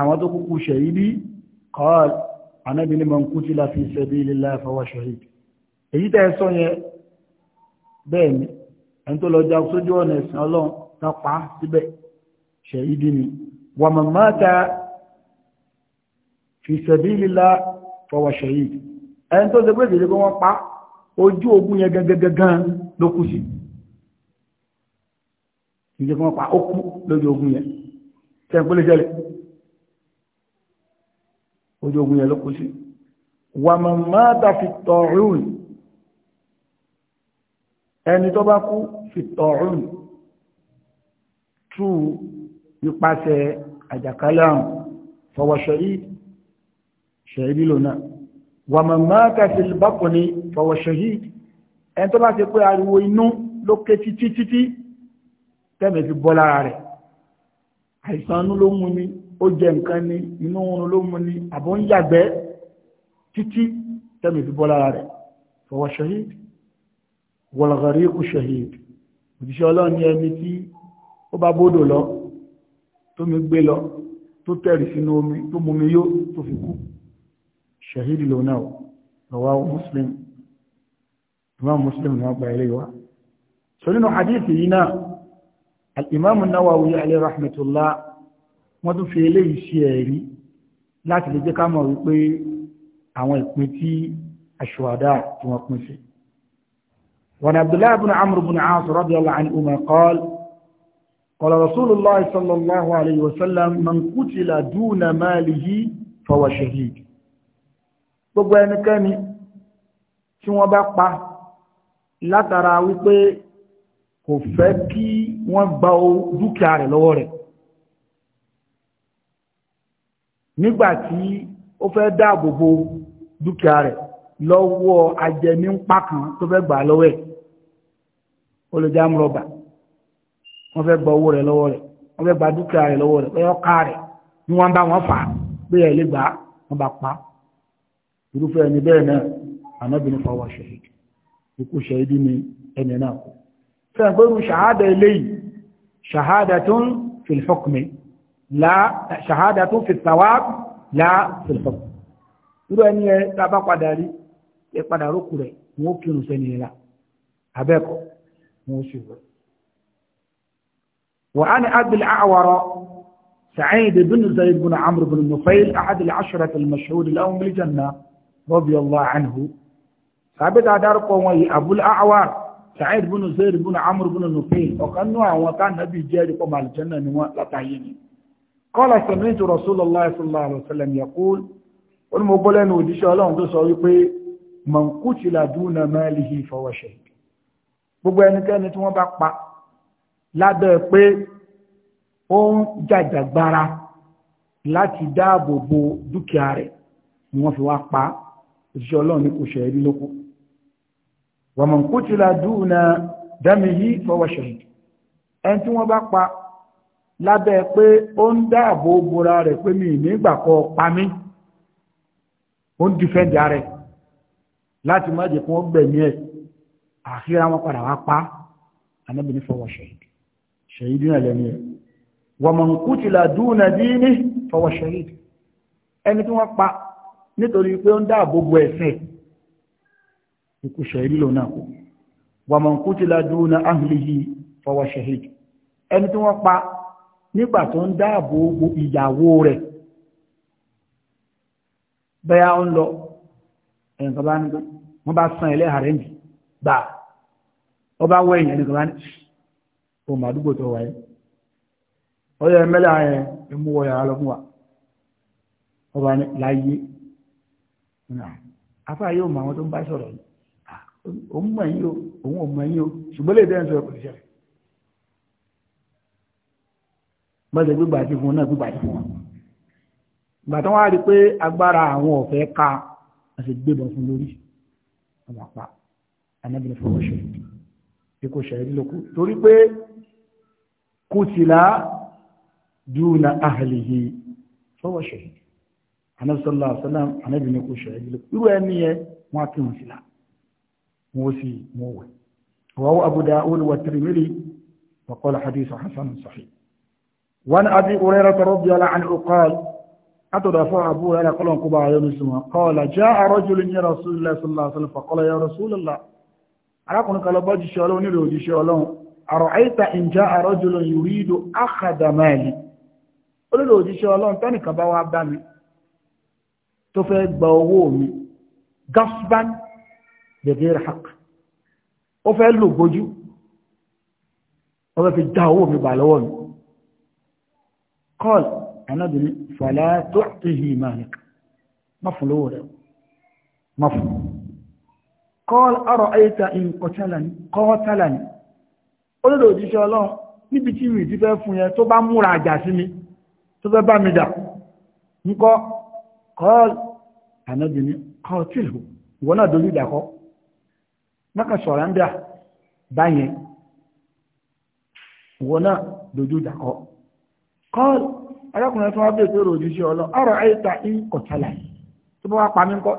àwọn tó kúkú ṣẹ̀yìdì kọ́ọ̀lù anábì ni man qutila fi sabilillah fahuwa shahid èyí tẹ́ sọ yẹn bẹ́ẹ̀ ni ẹni tó lọ jà sójú ọ̀nà ẹ̀sìn ọlọ́run tán pa á síbẹ̀ ṣẹ̀yídì ni wà màmá ta fi sabilillah fọwọ́ ṣẹ̀yídì ẹni tó ṣe pé kìí ṣe pé wọ́n pa ojú ogun yẹn gangan ló kú sí kìí wọ́n pa ó lójú ogun yẹn tẹ́ǹpẹ́lẹ́ jẹ́lẹ̀ ojú ogun yẹn ló kú sí wà màmá ta fi tọ̀rùn ẹni tó bá kú fi tọ̀ọ̀rùn tú ipasẹ̀ àjàkálẹ̀ àrùn fọwọ́ ṣẹ̀rí ṣẹ̀rí lónà wà mọ̀mọ́ kẹfìlì bákùn ni fọwọ́ ṣẹ̀rí ẹni tó bá ti pé ariwo inú lókè títí títí tẹ́mẹ̀ fi bọ́ lára rẹ̀ àìsàn inú ló mú ni ó jẹ nǹkan ni inú oorun ló mú ni àbọ̀ ń yàgbẹ́ títí tẹ́mẹ̀ fi bọ́ lára rẹ̀ fọwọ́ ṣẹ̀rí wọ̀lọ̀gọ̀rí kù ṣẹ̀hì òjíṣẹ́ ọlọ́run ní ẹni tí ó bá bódò lọ tó mi gbé lọ tó tẹ̀rì sínú omi tó mú mi yó tó fi kú ṣẹ̀hìdì lò náà lọ́wọ́ muslim imam muslim náà gba ilé wa so nínú hadith àwọn ìpín tí aṣọ́adá tí wọ́n pín sí وعن عبد الله بن عمرو بن عاص رضي الله عنهما قال قال رسول الله صلى الله عليه وسلم من قتل دون ماله فهو شهيد gbogbo ẹnikẹ́ni tí wọ́n bá pa látara wípé kò fẹ́ kí wọ́n gba dúkìá rẹ̀ lọ́wọ́ rẹ̀ nígbàtí ó fẹ́ dáàbòbò dúkìá rẹ̀ lọ́wọ́ ajẹmí ń pa kan tó fẹ́ gbà lọ́wọ́ ẹ̀ ó lè jáàmù rọ̀bà wọ́n fẹ́ gba owó rẹ̀ lọ́wọ́ rẹ̀ wọ́n fẹ́ gba dúkìá rẹ̀ lọ́wọ́ rẹ̀ wọ́n yọ ká rẹ̀ ni wọ́n bá wọn fà á pé ẹ̀ lè gbà á wọ́n bá pa irúfẹ́ ẹni bẹ́ẹ̀ náà ànábìnrin fọwọ́ ṣẹ̀hìdì ikú ṣẹ̀hìdì ni ẹni náà kú fẹ́gbẹ́rù ṣàhádà eléyìí ṣàhádà tó ń fil ṣàhádà tó ń fi thawab la irú ẹni ẹ tá a bá padà rí ẹ padà rókù rẹ̀ wọn ó kírun sẹ́ni yẹn la abẹ́kọ̀ wọn ó sì wọ. وعن أبي الأعور سعيد بن زيد بن عمرو بن نفيل أحد العشرة المشهود لهم بالجنة رضي الله عنه ثابت أداركم أبو الأعور سعيد بن زيد بن عمرو بن نفيل وكانوا وكان نبي جاركم على الجنة لا تعيني قال سمعت رسول الله صلى الله عليه وسلم يقول والمبلين وديش الله أنت man qutila duna malihi fahuwa shahid gbogbo ẹnikẹ́ni tí wọ́n bá pa lábẹ́ pé ó ń jàjàgbara láti dáàbò bo dúkìá rẹ̀ ni wọ́n fi wá pa òṣìṣẹ́ ọlọ́run ní kò ṣẹ̀rí lóko wa man qutila duna damihi fahuwa ẹni tí wọ́n bá pa lábẹ́ pé ó ń dáàbò bora rẹ̀ pé mi nígbà kọ́ pa mí ó ń dìfẹ́ǹdì ara rẹ̀ láti má jẹ́ kí wọ́n gbẹ̀mí ẹ̀ àfihàn wọn padà wá pa anábì ní fọwọ́ ṣẹ̀yìdì ṣẹ̀yìdì náà lẹ́ni ẹ̀ wọ̀mọ̀ nkútì làdúnà dínní fọwọ́ ṣẹ̀yìdì ẹni tí wọ́n pa nítorí pé ó ń dáàbò bo ẹ̀sẹ̀ ikú ṣẹ̀yìdì lòun náà kú wọ̀mọ̀ nkútì làdúnà ahlihi fọwọ́ ṣẹ̀yìdì ẹni tí wọ́n pa nígbà tó ń dáàbò bo ìyàwó rẹ̀ bẹ́ẹ̀ á ń lọ ẹ̀ǹkan bá ń gbé wọ́n bá san ilé ààrẹ mi gbà ó bá wọ èèyàn nìkan bá o mà àdúgbò tó wáyé ó yẹ mẹ́lẹ̀ ààrẹ ẹmú wọ yàrá lọ fún wa ó bá ní láyé afá yóò mọ àwọn tó ń bá sọ̀rọ̀ yìí òun mọ̀ yín o òun ò mọ̀ yín o ṣùgbọ́n lè dẹ́n sọ ẹ̀kọ́ ìṣẹ̀lẹ̀ mọ́tò gbígbà sí fún náà gbígbà sí fún wọn ìgbà tó wá rí pé agbára àwọn ọ̀fẹ́ ka àti gbébọn fún lórí wọn bá pa anábì ní fọwọ́ ṣe bí kò ṣe lóko torí pé kutila duna ahlihi fọwọ́ ṣe anábì sallallahu alaihi wasallam anábì ní kò ṣe lóko irú ẹni yẹn wọn á kí sí la wọn sì wọn wẹ̀ رواه أبو داود والترمذي وقال حديث حسن صحيح وعن أبي هريرة رضي الله عنه قال أتدى فأبوه إلى قلن قبع يونسوا قال جاء رجل من رسول الله صلى الله عليه وسلم فقال يا رسول الله أراكم قال باجي شالون يروجي شالون أرأيت إن جاء رجل يريد أخذ مالي قل له جي شالون تاني كباوا بامي تفيد باوومي غصبا بغير حق وفعل له بوجو وفي الدعوة ببالون قال أنا بني fàlá tó àtìhì màlìkà má fún lówó rẹ̀ má fún kọ́ọ̀lù ọ̀rọ̀ ayẹta ìkọ̀tàlà ni olódò níbi tí ti fẹ́ fún yẹn tó bá múra àjà sí mi tó fẹ́ bá mi dà ńkọ́ kọ́ọ̀lù ànábì ìwọ náà dojú ìdàkọ́ arákùnrin tó wá bèè pé òjíṣẹ́ ọlọ́ ọ̀rọ̀ àìta ń kọ̀tàlà tó bá wá pa mí kọ́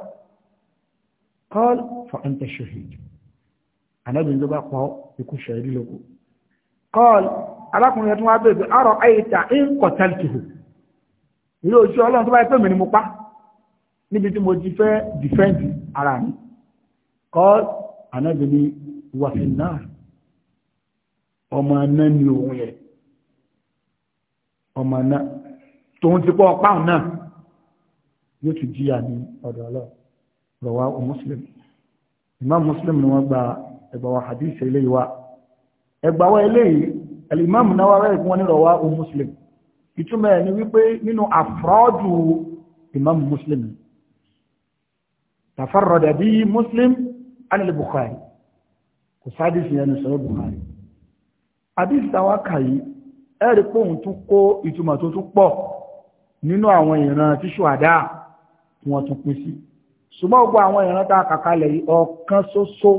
kọ́l fọ ẹ̀ǹtẹ̀ ṣòhìd anábìrin tó bá pọ̀ ikú ṣẹ̀rí lóko kọ́l arákùnrin tó wá bèè pé ọ̀rọ̀ àìta ń kọ̀tàlì tìhù ilé òjíṣẹ́ ọlọ́ tó bá yẹ pé mi ni mo pa níbi tí mo ti fẹ́ dìfẹ́ǹdì ara mi kọ́l anábìrin wàfin náà ọmọ náà òun yẹ ọmọ náà tòun ti pọ̀ páhùn náà yóò tún jíyà ní ọ̀dọ̀ ọlọ́run rọ̀wá o muslim imam muslim ni wọ́n gba ẹgbà wa hadith eléyìí wa ẹgbà wa eléyìí alimam Nawawi ẹ̀kún wọn ní rọ̀wá o muslim ìtumọ̀ ẹ̀ ni wípé nínú àfọ́dù imam muslim tafarrada bí muslim anil bukhari kò sáàdì sí ẹni sọ̀rọ̀ bukhari hadith tàwa kàyí ẹ̀rí pòun tún kó ìtumọ̀ tó tún pọ̀ nínú àwọn ìran tí ṣùhàdá tí wọ́n tún pín sí ṣùgbọ́n gbogbo àwọn ìran tá a kà kalẹ̀ yìí ọ̀kan ṣoṣo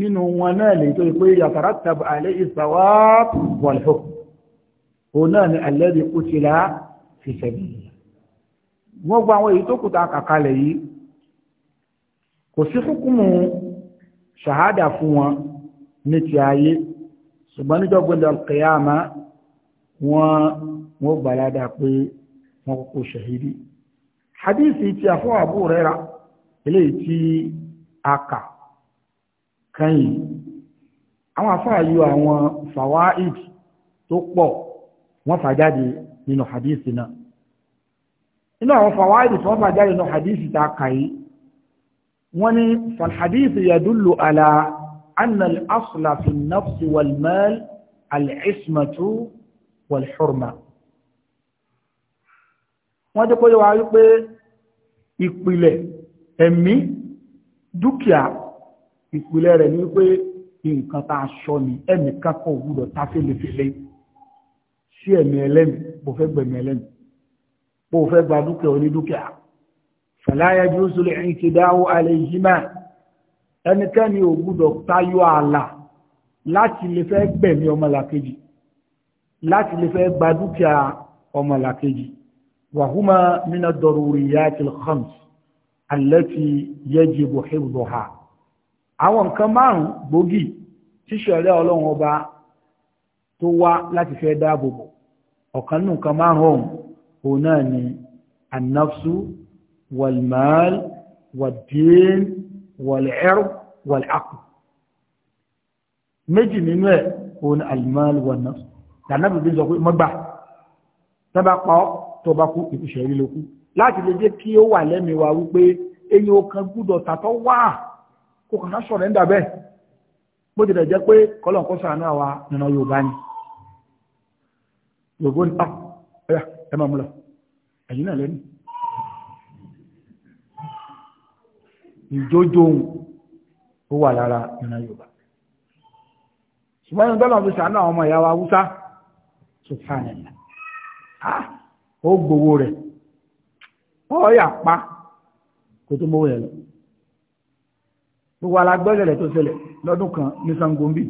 nínú wọn náà lè tó pé yatarattabu alayhi thawab wal hukm òun náà ni alladhi qutila fi sabilillah wọ́n gba àwọn èyí wọ́n gbàládà pé wọn kọ́kọ́ ṣahidi hadisi ti afọ́ Abu Huraira eléyìí tí a kà kẹ́yìn àwọn afáàyò àwọn fawaid tó pọ̀ wọ́n fà jáde nínú hadisi náà inú àwọn fawaid tí wọ́n fà jáde nínú hadisi tá a kà yìí wọ́n ní falhadisi yadullu ala anna al-asla fi an-nafs wal-mal al-ismatu wal-hurma. al asla fi an wal mal al ismatu wal hurma wọ́n jẹ́ kóyọ́ wa wípé ìpìlẹ̀ ẹ̀mí dúkìá ìpìlẹ̀ rẹ̀ ní wípé nǹkan tá a sọ ní ẹ̀mí kankan òwúrọ̀ tá a fẹ́lẹ́fẹ́lẹ́ sí ẹ̀mí ẹlẹ́mì bó fẹ́ gbẹ̀mí ẹlẹ́mì bó fẹ́ gba dúkìá onídúkìá fàlàyé bí ó sọlẹ̀ ẹ̀yìn ti dáwọ́ alẹ́ yìí máa ẹnikẹ́ni ò tayọ ààlà láti lè fẹ́ gbẹ̀mí ọmọlàkejì láti lè fẹ́ gba dúkìá ọmọlàkejì وهما من الضروريات الخمس التي يجب حفظها àwọn nǹkan márùn-ún gbòógì tí ṣẹ̀rẹ́ ọlọ́run ọba tó wá láti fẹ́ dáàbòbò ọ̀kan nínú nǹkan márùn-ún òun náà ni annafsu walmal waddin wal'irb wal'aql méjì nínú ẹ̀ òun almal wal nafs tànàbìbí sọ pé mọ́gbà tẹ́bà pa ọ́ tó bá kú ìkúṣẹ̀ rí lókú láti lè jẹ́ kí ó wà lẹ́mìí wa wípé eyín okan gbúdọ̀ tàtọ́ wà kó kàkà sọ̀rọ̀ ń dàbẹ́ bó ti dẹ̀ jẹ́ pé kọ́lọ̀ kó sàánú àwa nínú Yorùbá ni Yorùbá ni ah ẹ̀yà ẹ máa mú lọ ẹ̀yìn náà lẹ́nu ìjójó ó wà lára nínú Yorùbá ṣùgbọ́n ẹni tọ́lọ̀ fi sàánú àwọn ọmọ ìyá wa Haúsá sùfàànà ó gbowó rẹ̀ ọ̀ọ́yà pa kò tó mọ́wọ́ ẹ̀ lọ gbogbo alágbẹ́lẹ̀ rẹ̀ tó ṣẹlẹ̀ lọ́dún kan ní sangombi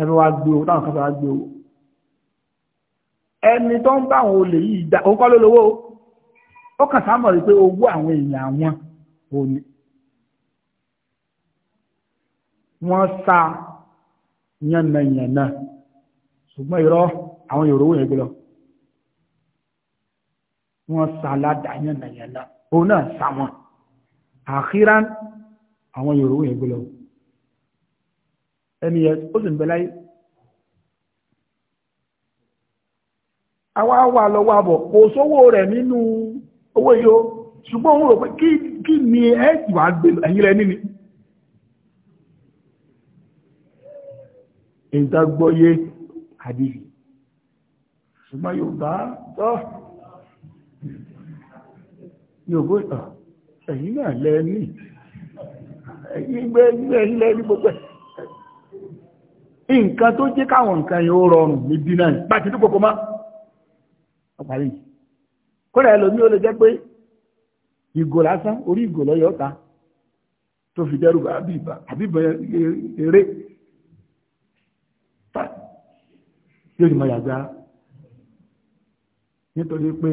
ẹ̀rọ wa gbé owó táwọn kan fẹ́ wa gbé owó ẹni tó ń bá àwọn olè yìí dá òun kọ́ ló lówó ó kàn sáà mọ̀ rí owó àwọn èèyàn àwọn òní wọ́n sa yànnàyànnà ṣùgbọ́n irọ́ àwọn yòrò owó yẹn gbé lọ wọ́n sàládàáyàn nàyànlá òun náà sà wọ́n àkírá àwọn yorùbá yẹn gbọ́lọ́ ẹni yẹn ó sì ń bẹ láyé àwa wà lọ́wọ́ àbọ̀ kò sówó rẹ̀ nínú owó yìí ó ṣùgbọ́n òun rò pé kí ni ẹ ìwà gbé ẹ̀yìn rẹ̀ nínú ìdágbọ́yé àdìsí ṣùgbọ́n yorùbá tó yòókù ìtàn ẹ̀yìn náà lẹ́ẹ̀mí ìgbẹ́ ilẹ̀ ní gbogbo ẹ̀ nǹkan tó jẹ́ káwọn nǹkan yìí ó rọrùn ní dínà bá ti dúpọ̀ kọmá ọ̀pàá yìí kọ́nà ẹlòmí ó lè jẹ́ pé ìgò lásán orí ìgò lọ́yọ̀ ọ̀ta tó fi dẹ́rù àbíbà àbíbà eré yóò jùmọ̀ yàgbá nítorí pé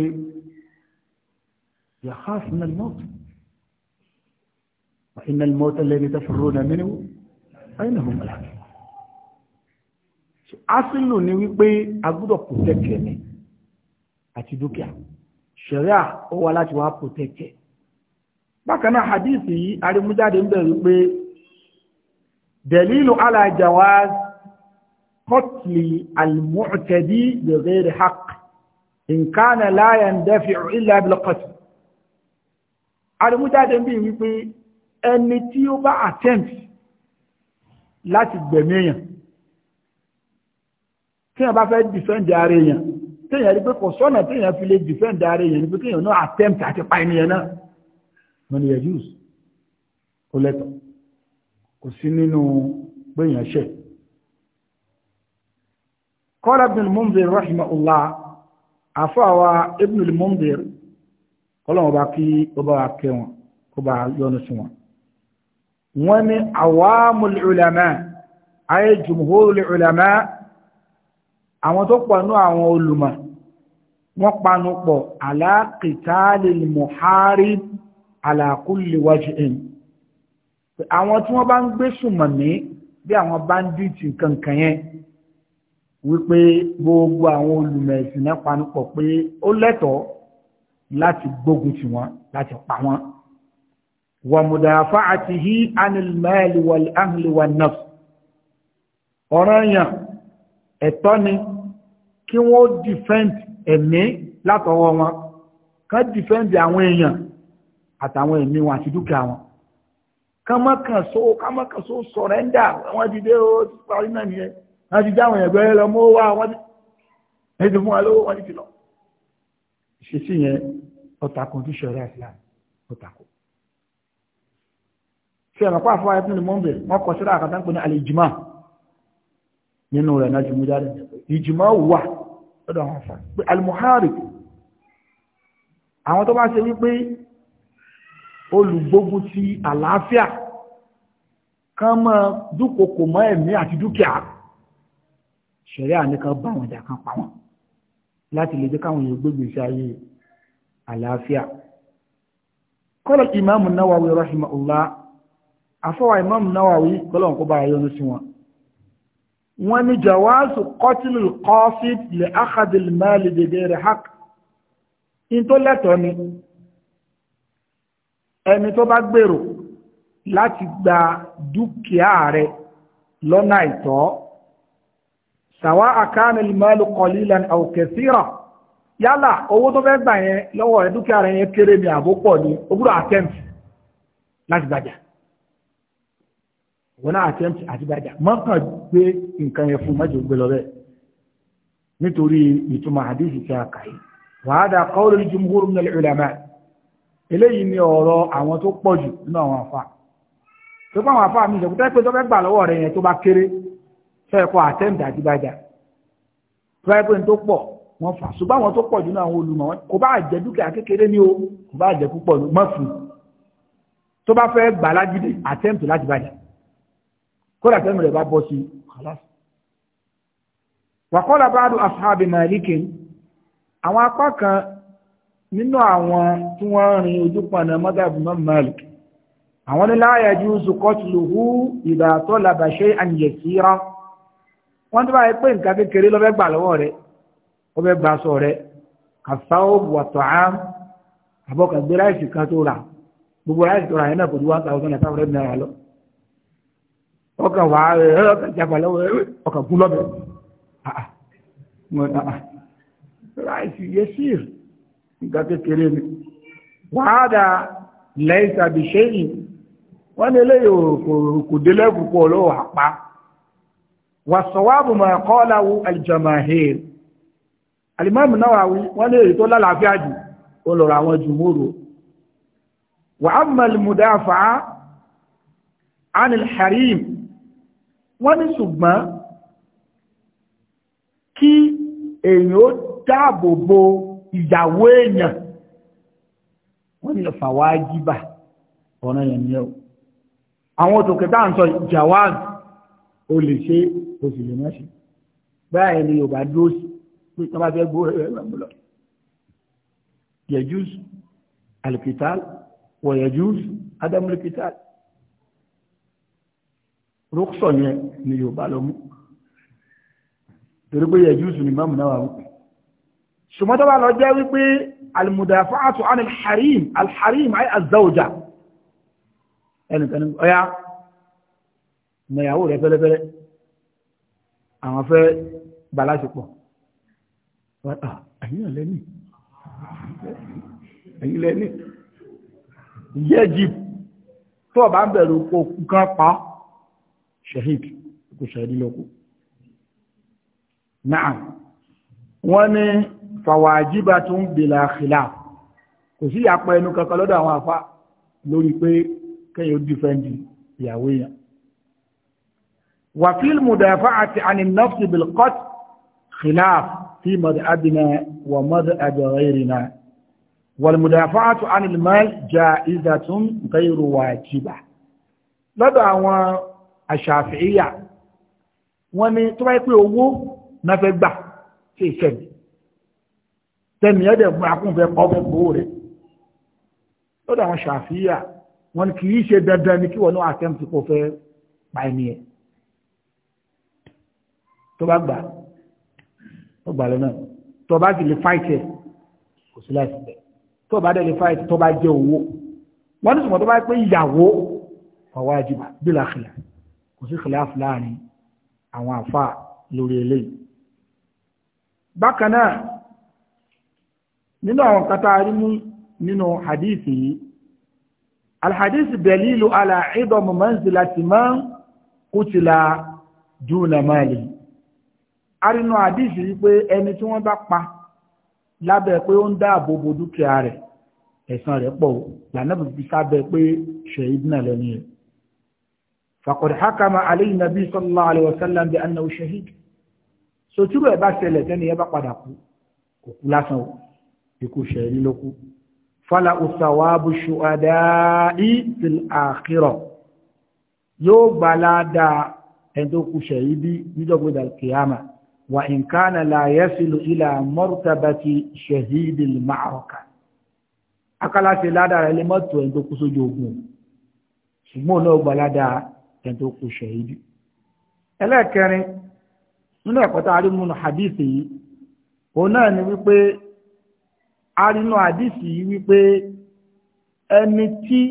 يخاف من الموت وإن الموت الذي تفرون منه فإنه ملحق asìlù ni wípé agbúdọ̀ protect ẹ̀mí àti dúkìá ṣẹ̀ríà ó wá láti wá protect ẹ̀ bákan náà hadith yìí arimújáde ń bẹ̀ wípé dalilu ala jawaz qatli al-mu'tadi bi ghayri haqq in kana la yandafi'u illa bil qatl àrímújáde ń bí wípé ẹni tí ó bá attempt láti gbẹ̀mí èèyàn tí èèyàn bá fẹ́ defend ara èèyàn tí èèyàn rí pé kò sọ́nà tí èèyàn fi lè defend ara èèyàn níbi tí náà attempt àti pa ènìyàn náà wọn ni yẹjúùs kò lẹ́tọ̀ kò sí nínú pé èèyàn ṣẹ̀ qala ibn al-Mundhir rahimahullah àfọwà ibn al kọ́lọ́wọ́n bá kí ó bá kẹ́ wọn kó bá yọ́nú sí wọn. wọ́n ní awamul ulama ayé jumhurul ulama àwọn tó pọ̀ nú àwọn olùmọ̀ wọ́n panu pọ̀ ala qitalil muharib ala kulli wajhin àwọn tí wọ́n bá ń gbé sùmọ̀mí bí àwọn bandits kankan yẹn wípé gbogbo àwọn olùmọ̀ ẹ̀sìn náà panu pọ̀ pé ó lẹ́tọ̀ọ́ láti gbógun tì wọ́n láti pa wọ́n wà mudafa'atihi anil mal wal ahli wan nafs ọ̀ranyàn ẹ̀tọ́ ni kí wọ́n defend ẹ̀mí látọwọ́ wọn ká defend àwọn èèyàn àtàwọn ẹ̀mí wọn àti dúkìá wọn kámọ́kàn só kámọ́kàn só sọ̀rẹ́ndà wọ́n ti dé ó ti parí náà nìyẹn wọ́n ti dáwọn ẹ̀gbẹ́ lọ mọ́ wá wọ́n ti fún wa lówó wọ́n ti fi lọ ìṣesí yẹn ọ̀tàkùn tí ṣẹ̀rẹ̀ islam ọ̀tàkùn. ṣé ẹ̀rọ pa àfọwọ́ ẹ̀fún ni mò ń bẹ̀rẹ̀ wọ́n kọ síra àkàtà ń pè ní alìjìmá nínú rẹ̀ náà jùmú jáde ìjìmá wà lọ́dọ̀ àwọn afa pé alimuhari àwọn tó bá ṣe wípé olùgbógun ti àlàáfíà kan máa dúkokò mọ́ ẹ̀mí àti dúkìá ṣẹ̀rẹ̀ àníkan bá wọn jà kan pa wọn láti lè jẹ́ káwọn èèyàn gbégbèsè ayé yìí àlàáfíà kọ́lọ̀ ìmáàmù náwàwí rahimahullah afọ́wà ìmáàmù náwàwí kọ́lọ̀ kó bá yọnu sí wọn wọ́n ní jawazu kọtílù kọ́fíd lè ákàdìl máàlì dèdè rẹ̀ hak in tó lẹ́tọ̀ọ́ ni ẹni tó bá gbèrò láti gba dúkìá rẹ̀ lọ́nà àìtọ́ sàwá àkánil máàlù qalilan aw kathira yálà owó tó fẹ́ gbà yẹn lọ́wọ́ rẹ̀ dúkìá rẹ̀ yẹn kéré ni àbó pọ̀ ni ó gbúdọ̀ attempt láti gbàjà wọn náà attempt àti gbàjà mọ́kàn gbé nǹkan yẹn fún mọ́jọ gbé lọ bẹ́ẹ̀ nítorí ìtumọ̀ àdéhùn tí a kà yìí wàhádà qawlul jumhur min al-ulama eléyìí ni ọ̀rọ̀ àwọn tó pọ̀ jù nínú àwọn àfa tó bá àwọn àfa mi sọ pé tó fẹ́ gbà lọ́wọ́ rẹ̀ yẹn tó bá kéré fẹ́ kọ́ attempt àti gbàjà tó bá yẹ pé tó pọ̀ wọ́n fà ṣùgbọ́n àwọn tó pọ̀ jù náà àwọn olùmọ̀ wọn kò bá jẹ́ dúkìá kékeré ní o kò bá jẹ́ púpọ̀ mọ́ fún tó bá fẹ́ gbà lágídí attempt láti bàjẹ́ kódà tẹ́mi rẹ̀ bá bọ́ sí khalas wàkọ́lá báàdù ashabi màlíkì àwọn apá kan nínú àwọn tí wọ́n rin ojú pọnà mọ́dàbù mọ́ màlíkì àwọn ní láàyè ju sùkọ́tìlùhù ìgbà tó labàṣẹ́ àyẹ̀síra wọ́n tó bá pé nǹkan kékeré lọ́fẹ́ gbà lọ́wọ́ rẹ̀ ó fẹ́ bá aṣọ rẹ kàfáwò wàtò àm àbọ̀kàgbé ráìsì kan tó rà gbogbo ráìsì tó rà yẹn náà kò ju one thousand and five hundred naira lọ ọkàn wà á ọkàn jàpá lọ́wọ́ ọkàn kú lọ́bẹ̀ ah, ah. Ah, ráìsì yẹ sír nǹkan kékeré ni wàhádà lẹ́yìn tàbí ṣẹ́yìn wọ́n ní eléyìí kò délẹ́kùn pọ̀ lọ́wọ́ àpá wàsọ̀wáàbù mà kọ́ láwù aljamahir alimami Nawawi wọ́n lè rí tó lálàáfíà jù ó lọ́rọ̀ àwọn jùmúrò wà á mọ̀lùmùdáfà anil harim wọ́n ní ṣùgbọ́n kí èyàn ó dáàbò bo ìyàwó èyàn wọ́n ní fàwà jíbà ọ̀nà èyàn ni ẹ̀wọ̀ àwọn òtòkè tá ń sọ jawaz o lè ṣe o sì lè mọ́ sí báyìí ni Yorùbá dúró sí pé tí wọ́n bá fẹ́ gbó rẹ̀ lọ́mú lọ. yẹjúz alikital wọ yẹjúz adamulikital rúkṣọ yẹn ni yorùbá lọ mú torí pé yẹjúz ni mọ́mù náà wà mú. ṣùgbọ́n tó bá lọ jẹ́ wípé almudafa'atu an alharim alharim ay azawja ẹnìkan ní ọya rẹ̀ fẹ́lẹ́fẹ́lẹ́ àwọn fẹ́ balásìpọ̀ wọ́n à ẹ̀yin náà lẹ́ni ẹ̀yin lẹ́ni yẹ́jì tó ọ̀bá bẹ̀rù kó kán pa shahid kò shahid lọ́kù náà wọ́n ní fàwàjíbà tó ń bèèrè àkìlá kò sí ìyàpọ̀ ẹnu kankan lọ́dọ̀ àwọn àfá lórí pé kẹ́yìn ó dìfẹ́ǹdì ìyàwó èèyàn wà fílmù dàfà àti àní nọ́fsì bilkọ́t في مذهبنا ومذهب غيرنا والمدافعة عن المال جائزة غير واجبة lọ́dọ̀ àwọn àṣàfihíyà wọ́n ní tó bá yẹ pé owó náà fẹ́ gbà sí ìṣẹ̀lẹ̀ tẹ́mi ẹ̀dẹ̀ fún akúnfẹ́ ọ̀fẹ́ gbowó rẹ̀ lọ́dọ̀ àwọn àṣàfihíyà wọ́n ní kì í ṣe dandan ni kí wọ́n náà àtẹ́mtì kò fẹ́ pa ẹni ẹ̀ tó bá gbà á ó gbà lọ́nà tó bá sì lè fáìtì ẹ̀ kò sí láti bẹ̀ tó bá dẹ̀ lè fáìtì tó bá jẹ́ owó wọ́n ní sùnmọ́ tó bá pé ìyàwó ọ̀wá àjìbá bílà khilaf kò sí khilaf láàrin àwọn àfa lórí eléyìí bákan náà nínú àwọn kata arímú nínú hadithi yìí alhadith dalilu ala idom manzilati man kutila duna mali arínú àdìsí wípé ẹni tí wọ́n bá pa lábẹ́ pé ó ń dáàbò bo dúkìá rẹ̀ ẹ̀san rẹ̀ pọ̀ lànàbì fi sábẹ́ pé ṣèyíd náà lẹ́ni rẹ̀ faqad hakama alayhi nabi sallallahu alayhi wa sallam bi annahu shahid sotúrò ẹ̀ bá ṣẹlẹ̀ tẹ́ni ẹ bá padà kú kò kú lásán o ikú ṣẹ̀rí ló kú fala usawabu shuhada'i fil akhirah yóò gbalada ẹni tó kú ṣẹ̀rí bí níjọ́gbọ́dà kìyàmà wa in kana la yasilu ila martabati shahidil ma'araka akala se lada rẹ̀ lè mọ́tò ẹni tó kú sójú ogun ṣùgbọ́n náà gba lada ẹni tó kú ṣahidi ẹlẹ́ẹ̀kẹrin nínú ẹ̀kọ́ tá a rí múnú hadith yìí òun náà ni wípé a rí nínú hadith yìí wípé ẹni tí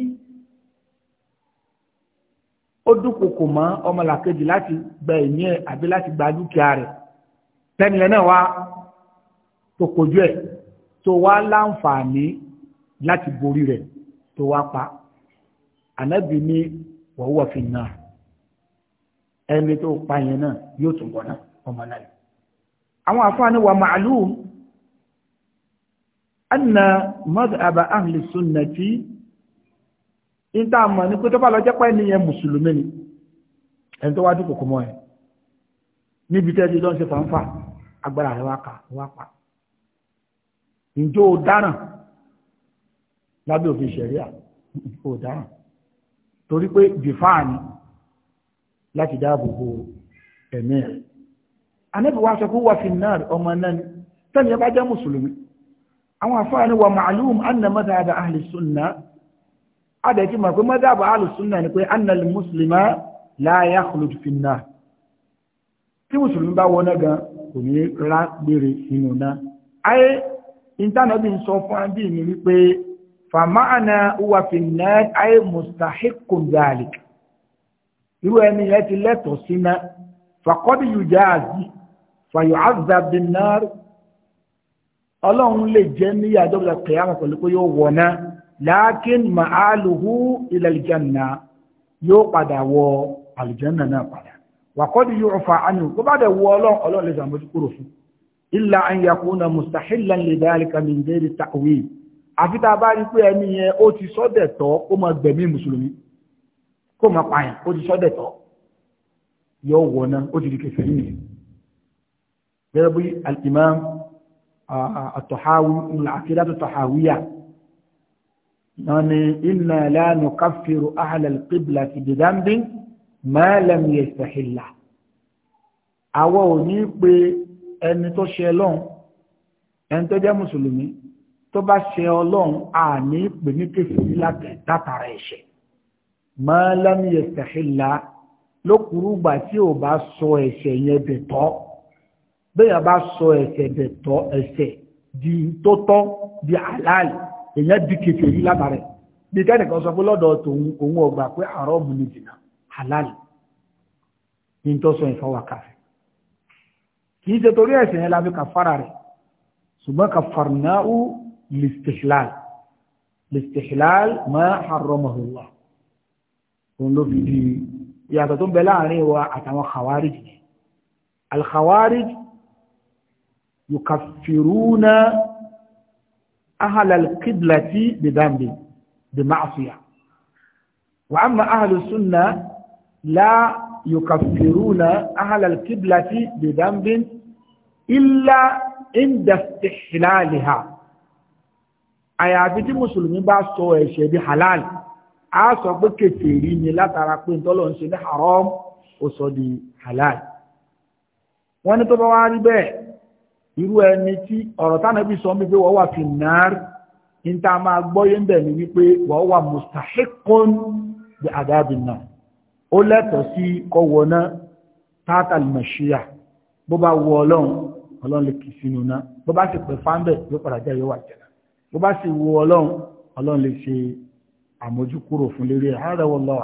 ó dúnkokò mọ́ ọmọlàkejì láti gba ẹ̀mí ẹ̀ àbí láti gba dúkìá rẹ̀ tẹ́nìyàn náà wá tó kojú ẹ̀ tó wá láǹfààní láti borí rẹ̀ tó wá pa ànábì ní wọ́wọ́ fi nà ẹni tó pa yẹn náà yóò tún bọ̀ náà ọmọ náà yìí. àwọn àfáàní wa ma'lum anna madhhab ahli sunnati níta mọ̀ ní pé tó bá lọ jẹ́ pé ẹni mùsùlùmí ni ẹni tó wá dúkòkò mọ́ ẹ níbi tẹ́ ti lọ́n ṣe fàǹfà agbára rẹ̀ wá kà wá pa ǹjọ́ o dáràn lábẹ́ òfin ṣẹ̀ríà o dáràn torí pé dìfáà ni láti dáàbò bo ẹ̀mí rẹ̀ anábì wa sọ pé wà fi náà ọmọ náà ni tẹ́lẹ̀ bá jẹ́ mùsùlùmí àwọn àfáà ni wà ma'lum anna madhhab ahli sunna adẹ̀kí ma pé madhhab ahli sunna ni pé anna al-muslima la fi an tí mùsùlùmí bá wọ́n náà gan kò ní rá gbére nínú náà ayé ìtànàbí sọ fún àbí mi wípé fàmáàna wà fi náà ayé mustahikun dhalik irú ẹni yẹn ti lẹ́tọ̀ọ́ sí náà fàkọ́dí yùjá àzí fàyọ̀ àzàbí náà ọlọ́run lè jẹ́ ní àjọ́bọ̀dà kẹyàmà pẹ̀lú pé yóò wọ̀ náà lákín màálùú ilẹ̀ aljanna yóò padà wọ aljanna náà padà wàkọ́dí yóò fa àánú tó bá dẹ̀ wọ ọlọ́run ọlọ́run lè sàmójú kúrò fún ilà an yakuna mustahilan lè dáríkà min ghairi ta'wil àfi tá a bá rí pé ẹni ni inna la nukaffiru ahlal qiblati bi dhanbin ma lam yastahilla àwa ò ní pé ẹni tó ṣe ọlọ́run ẹni tó jẹ́ mùsùlùmí tó bá ṣe ọlọ́run a ní pè ní kèfèrí látara ẹ̀ṣẹ̀ ma lam yastahilla lókùrúgbà tí ò bá sọ ẹ̀ṣẹ̀ yẹn bẹ̀ tọ́ bẹ́ẹ̀ bá sọ ẹ̀ṣẹ̀ bẹ̀ tọ́ ẹ̀ṣẹ̀ di tó di halal èèyàn di kèfèrí látara ẹ̀ bí kẹ́nìkan sọ pé lọ́dọ̀ tòun òun ọgbà pé àrọ́ mu ni dìnnà halal ní tó sọ ìfọwà kàfẹ́ kì í ṣe torí ẹ̀sìn yẹn lábẹ́ kàfàrà rẹ̀ ṣùgbọ́n kàfàrnáú listihlal listihlal ma harramahu Allah òun ló fi di ìyàtọ̀ tó ń bẹ láàrin wa àtàwọn khawarij yẹn alkhawarij yukaffiruna ahalal qiblati bidambi bi ma'siyah wa amma ahlus لا يكفرون أهل kiblati bi dambin illa inda istihlaliha àyàfi tí mùsùlùmí bá sọ ẹ̀ṣẹ̀ di halal a sọ pé kèfèrí ni látara pé ntọ́lọ̀ ń ṣe ní haram ó sọ di halal wọ́n ní tó bá wá rí bẹ́ẹ̀ irú ẹni tí ọ̀rọ̀ tánàbí sọ mí pé wọ́n wà fi nàár ní tá a máa ń bẹ̀ ni wípé wọ́n wà mustahiqun bi adabin nar ó lẹ́tọ̀ọ́ sí kọwọ́ náà tátàl mọ̀ṣíyà bó bá wọ ọlọ́run ọlọ́run lè kì sínú náà bó bá sì pẹ̀ fáńbẹ̀ yóò padà jẹ́ yóò wà jẹ́ náà bó bá sì wọ ọlọ́run ọlọ́run lè ṣe àmójúkúrò fún lérí hada wallahu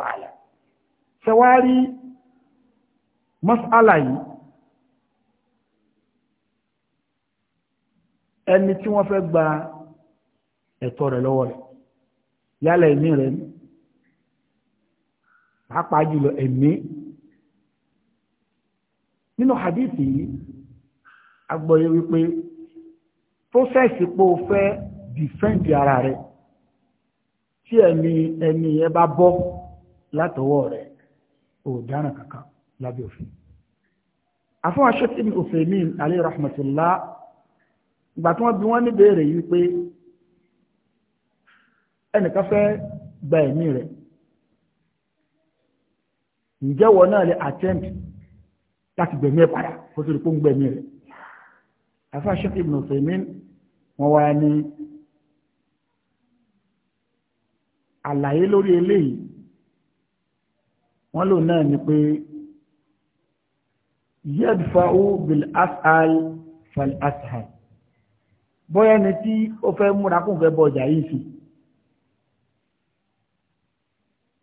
ṣẹwárí mas'ala yìí ẹni tí wọ́n fẹ́ gba ẹ̀tọ́ rẹ̀ lọ́wọ́ rẹ̀ yálẹ̀ ìní rẹ̀ ni pàápàá jùlọ ẹ̀mí nínú hadithi yìí agbọ́yé wípé prósẹ́sì pé o fẹ́ dìfẹ́ǹtì ara rẹ tí ẹ̀mí ẹ̀mí ẹ bá bọ́ látọwọ́ rẹ ò dáná kankan lábẹ́ òfin àfọwọ́ aṣọ́tí ní Uthaymin alayhi rahmatullah ìgbà tí wọ́n bí wọ́n ní béèrè yìí pé ẹnìkan fẹ́ gba ẹ̀mí rẹ̀ ǹjẹ́ wọ́n náà lè attempt láti gbẹ̀mí ẹ̀ padà kó tó lè kó ń gbẹ̀mí rẹ̀ afa Sheikh Ibn Uthaymeen wọ́n wá ní àlàyé lórí eléyìí wọ́n lò náà ni pé yadfa'u bil as'al fal as'al bóyá ni tí ó fẹ́ múra kó fẹ́ bọjà yìí sí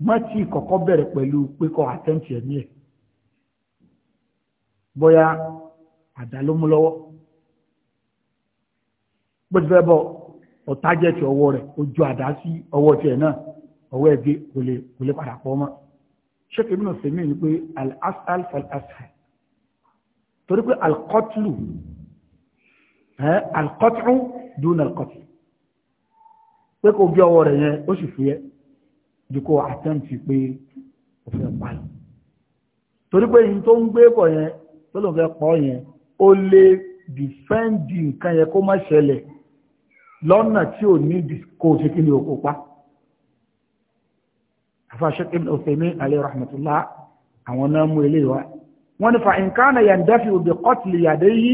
mọ́tì kọ́kọ́ bẹ̀rẹ̀ pẹ̀lú pékọ́ àtẹ́ǹtì ẹ̀mí ẹ̀ bóyá àdá ló mú lọ́wọ́ bó ti fẹ́ bọ̀ ọ̀tá jẹ́ ti ọwọ́ rẹ̀ ó ju àdá sí ọwọ́ tiẹ̀ náà ọwọ́ ẹ̀ gé kò lè kò padà pọ̀ mọ́ ṣéèkì Ibn Uthaymeen ni pé al-asal torí pé al-qatlu al-qat'u pé kò gé ọwọ́ rẹ̀ yẹn ó sì fúyẹ́ dùkọ́ àtẹ́ǹtì pé òfin pààyàn torí pé yìí tó ń gbé bọ̀ yẹn tó ló ń fẹ́ pọ̀ yẹn ó lè dìfẹ́ǹdì nǹkan yẹn kó má ṣẹlẹ̀ lọ́nà tí ò ní kó o ṣe kí ni òkú pa àfàṣẹ ibn Uthaymin alayhi rahmatullah àwọn náà mú eléyìí wá wọ́n ní fa nǹkan náà yẹn dáfi òbí kọ́tìlì yàdé yìí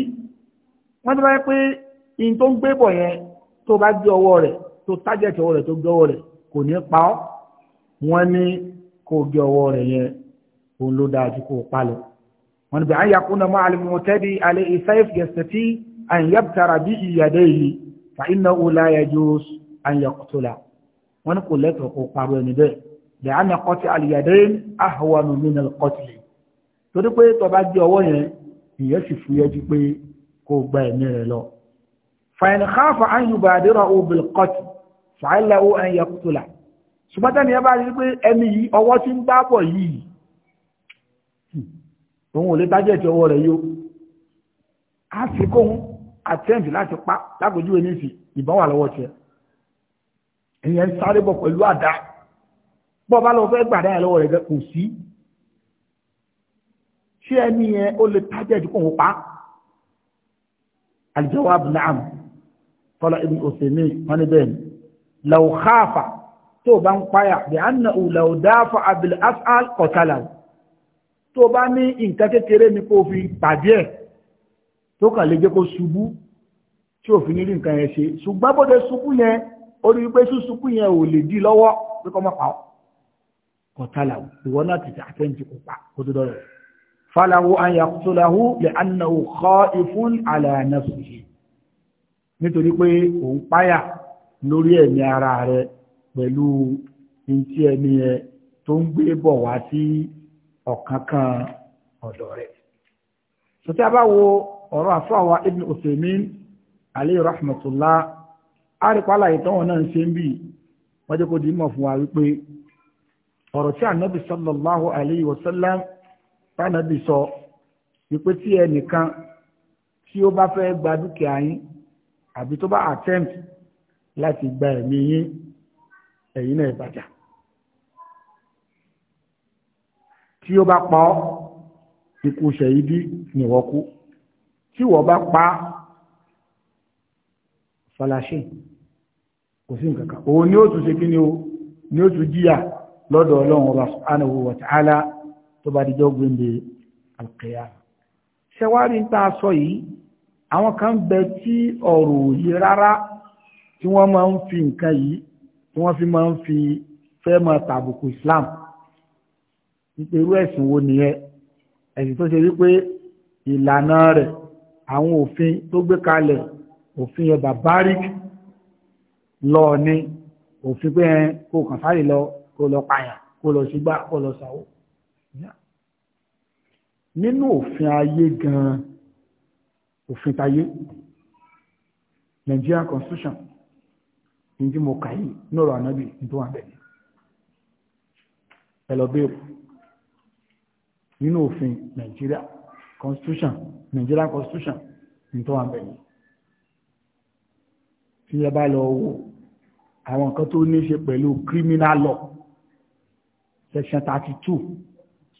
wọ́n ti báyìí pé yìí tó ń gbé bọ̀ yẹn tó bá gbé ọwọ́ rẹ̀ tó tájẹ̀tì ọwọ́ rẹ̀ tó gbé ọwọ́ rẹ̀ kò ní pa ọ́ wọ́n ní kó gé ọwọ́ rẹ̀ yẹn òun ló dáa ju kó pa lọ. wọ́n ní bẹ́ẹ̀ àyà kúnná mọ́ alimọ̀tẹ́dì alẹ́ ìsáyẹ̀fì gẹ̀ẹ́sẹ̀ tí àyẹ̀bùtara bí ìyàdẹ́ yìí fa iná wula yẹjú àyẹ̀kùtùlà wọ́n ní kò lẹ́tọ̀ọ́ kó parọ́ ẹni bẹ́ẹ̀ bẹ́ẹ̀ àná kọ́tì àlìyàdẹ́ àhùwànù nínú kọ́tìlì torí pé tó bá gé ọwọ́ yẹn ìyẹn sì fúyẹ́ ju pé kó gba ẹ̀mí rẹ̀ lọ. fàyìn káfà áyùbàdìrà òbí kọ́tì fàyìn lẹ́wọ́ àyẹ̀kùtùlà ṣùgbọ́n tẹ́ni ẹ bá rí pé ẹni yìí ọwọ́ tí ń gbábọ̀ yìí òun ò lè tájẹ̀ tí ọwọ́ rẹ̀ yóò á fi kóhun àtẹ́ǹtì láti pa lápòjúwe ní ìsì ìbọn wà lọ́wọ́ tiẹ̀ èèyàn ń sáré bọ̀ pẹ̀lú àdá bọ́ bá lọ fẹ́ gbàdá ẹ̀ lọ́wọ́ rẹ̀ kò sí ṣé ẹni yẹn ó lè tájẹ̀ tí kóhun pa al-jawab na'am qala Ibn Uthaymeen wọn ni bẹ́ẹ̀ ni law khafa tó bá ń páyà bí a nà òlà òdá fún abil afal kọtàlá tó bá ní nǹkan kékeré ní kó fi pàdé ẹ̀ tó kàn lè jẹ́ kó ṣubú tí ò fi ní nǹkan yẹn ṣe ṣùgbọ́n bó ṣe ṣubú yẹn orí wípé ṣùṣubú yẹn ò lè dí lọ́wọ́ pé kọ́ mọ́ pa kọtàlá ìwọ náà ti àtẹ́ǹtì kò pa kó tó dọ́rọ̀ fàlàwò àyàkùtòláhù lè annáwò kọ́ ìfún àlànà nítorí pé òun páyà lórí ẹ̀mí ara rẹ̀ pẹ̀lú ntí ẹni ẹ tó ń gbé bọ̀ wá sí ọ̀kánkán ọ̀dọ̀ rẹ̀. sọtí a bá wo ọ̀rọ̀ àfọwà Ibn Uthaymeen alayhi rahmatullah àríkọ́lá ìtọ́wọ̀n náà ń ṣe ń bì wọ́n jẹ́ kó di mọ̀ fún wa wípé ọ̀rọ̀ tí ànábì sallallahu alayhi wa sallam tánàbì sọ wípé tí ẹnìkan tí ó bá fẹ́ gba dúkìá yín àbí tó bá attempt láti gba ẹ̀mí yín ẹ̀yìn náà ìbàjá tí ó bá pa ọ́ ikú ṣẹ̀yìdí nìwọ́kú tí wọ́n bá pa falashin kò sí nǹkan kan òun ni ó tún ṣe kí ni ó ni ó tún jíyà lọ́dọ̀ ọlọ́run ọba subhanahu wa ta'ala tó bá dijọ́ gbẹ̀ndẹ̀ alqiyama ṣẹwárí tá a sọ yìí àwọn kan bẹ tí ọ̀rọ̀ yìí rárá tí wọ́n máa ń fi nǹkan yìí tí wọ́n fi máa ń fi fẹ́ máa tàbùkù Islam wípé irú ẹ̀sìn wo nìyẹn ẹ̀sìn tó ṣe wípé ìlànà rẹ̀ àwọn òfin tó gbé kalẹ̀ òfin yẹn barbaric lọ ni òfin pé ẹn kó kàn sáré lọ kó lọ pààyàn kó lọ sígbà kó lọ sàwó nínú òfin ayé gan-an òfin tayé Nigerian constitution njí mo kà yìí nọ́rọ̀ ànábì tó wà bẹ̀rẹ̀ ẹlọ́bẹ̀rù nínú òfin Nigeria constitution Nigerian constitution tó wà bẹ̀rẹ̀ tí ẹ bá lọ wo àwọn nǹkan tó ní ṣe pẹ̀lú criminal law section thirty two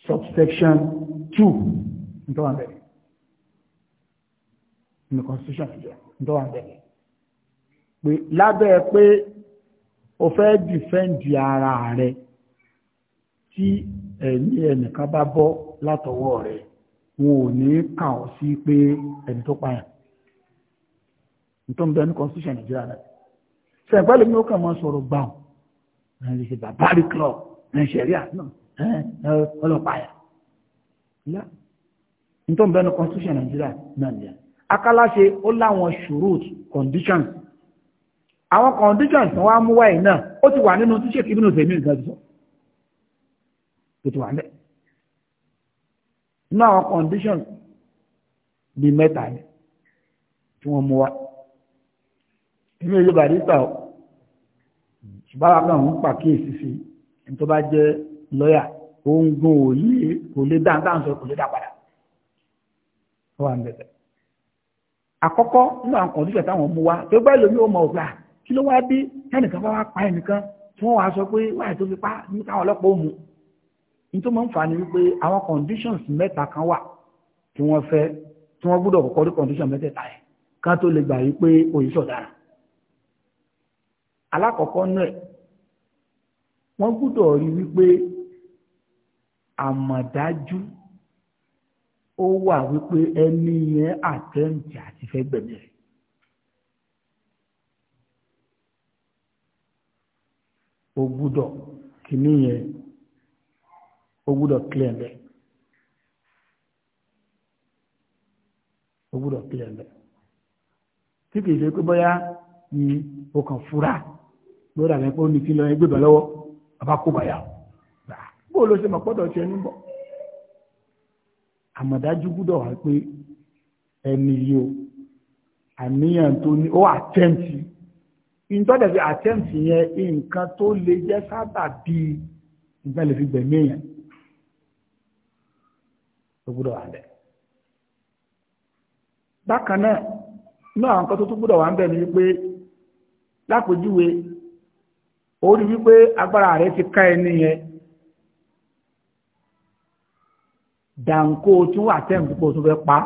subsection two tó wà bẹ̀rẹ̀ ní constitution Nigeria tó wà bẹ̀rẹ̀ pé lábẹ́ pé o fẹ́ dìfẹ́ǹdì ara rẹ tí ẹ̀mí ẹnìkan bá bọ́ látọwọ́ rẹ wọn ò ní kà ọ́ sí pé ẹni tó pààyàn nítorí bẹ́ẹ̀ ní constitution Nàìjíríà rẹ sẹ̀ǹpẹ́lẹ̀ mi ó kàn máa sọ̀rọ̀ gbàù ẹ̀ lè ṣe bàbáàrí club ẹ̀ ṣẹ̀ríà náà ẹ̀ ọlọ́pàá yà nítorí bẹ́ẹ̀ ní constitution Nàìjíríà náà nìyẹn akáláṣe ó láwọn ṣòro conditions àwọn conditions tí wọ́n á mú wáyé náà ó ti wà nínú tí ṣèkí nínú tèmi nǹkan sọ tó ti wà lẹ̀ nínú àwọn conditions bíi mẹ́ta ni tí wọ́n mú wá èmi ò yí barista o ṣùgbọ́n àwọn kan ń pàkíyèsí sí ní tó bá jẹ́ lọ́yà ó ń gún òye kò lè dá nǹkan sọ kò lè dá padà ó wà ń bẹ̀rẹ̀ àkọ́kọ́ nínú àwọn conditions táwọn mú wá tó bá lómi ó mọ òkúta kí ló wá dé tẹnìkan bá wá pa ẹnìkan tí wọ́n wá sọ pé wáyé tó fi pa ní káwọn ọlọ́pàá òmù ní tó máa ń fà ní wípé àwọn conditions mẹ́ta kan wà tí wọ́n fẹ́ tí wọ́n gbọ́dọ̀ kọ́kọ́ rí condition mẹ́tẹ̀ẹ̀ta yẹn ká tó lè gbà wípé òyìn sọ̀daràn alákọ̀ọ́kọ́ náà wọ́n gbọ́dọ̀ rí wípé àmọ̀dájú ó wà wípé ẹni yẹn àtẹ̀ǹtì àti fẹ́ gbẹ̀mí rẹ̀ Ogudo gbúdọ̀ kìíní yẹn ó gbúdọ̀ clear bẹ́ẹ̀ ó gbúdọ̀ clear bẹ́ẹ̀ tí kìí ṣe pé bóyá ni o kàn fura lórí àwọn ẹgbẹ́ omi tí lọ ẹgbẹ́ bẹ̀ lọ́wọ́ bàbá kó bàyà bó ló ṣe mọ̀ pọ́dọ̀ tiẹ̀ níbọ̀ àmọ̀dájú gbúdọ̀ wá pé ẹni yìí o àníyàn tó ní ó àtẹ́ǹtì ìtọ́dẹ̀ fi attempt yẹn nǹkan tó lè jẹ́ sábà bí nǹkan lè fi gbẹ̀mí èèyàn tó gbúdọ̀ wà bẹ̀. bákan náà náà àwọn nǹkan tó gbúdọ̀ wà ń bẹ̀ ni wípé lápòjúwe ó rí wípé agbára rẹ̀ ti ká ẹni yẹn dànkó fẹ́ pa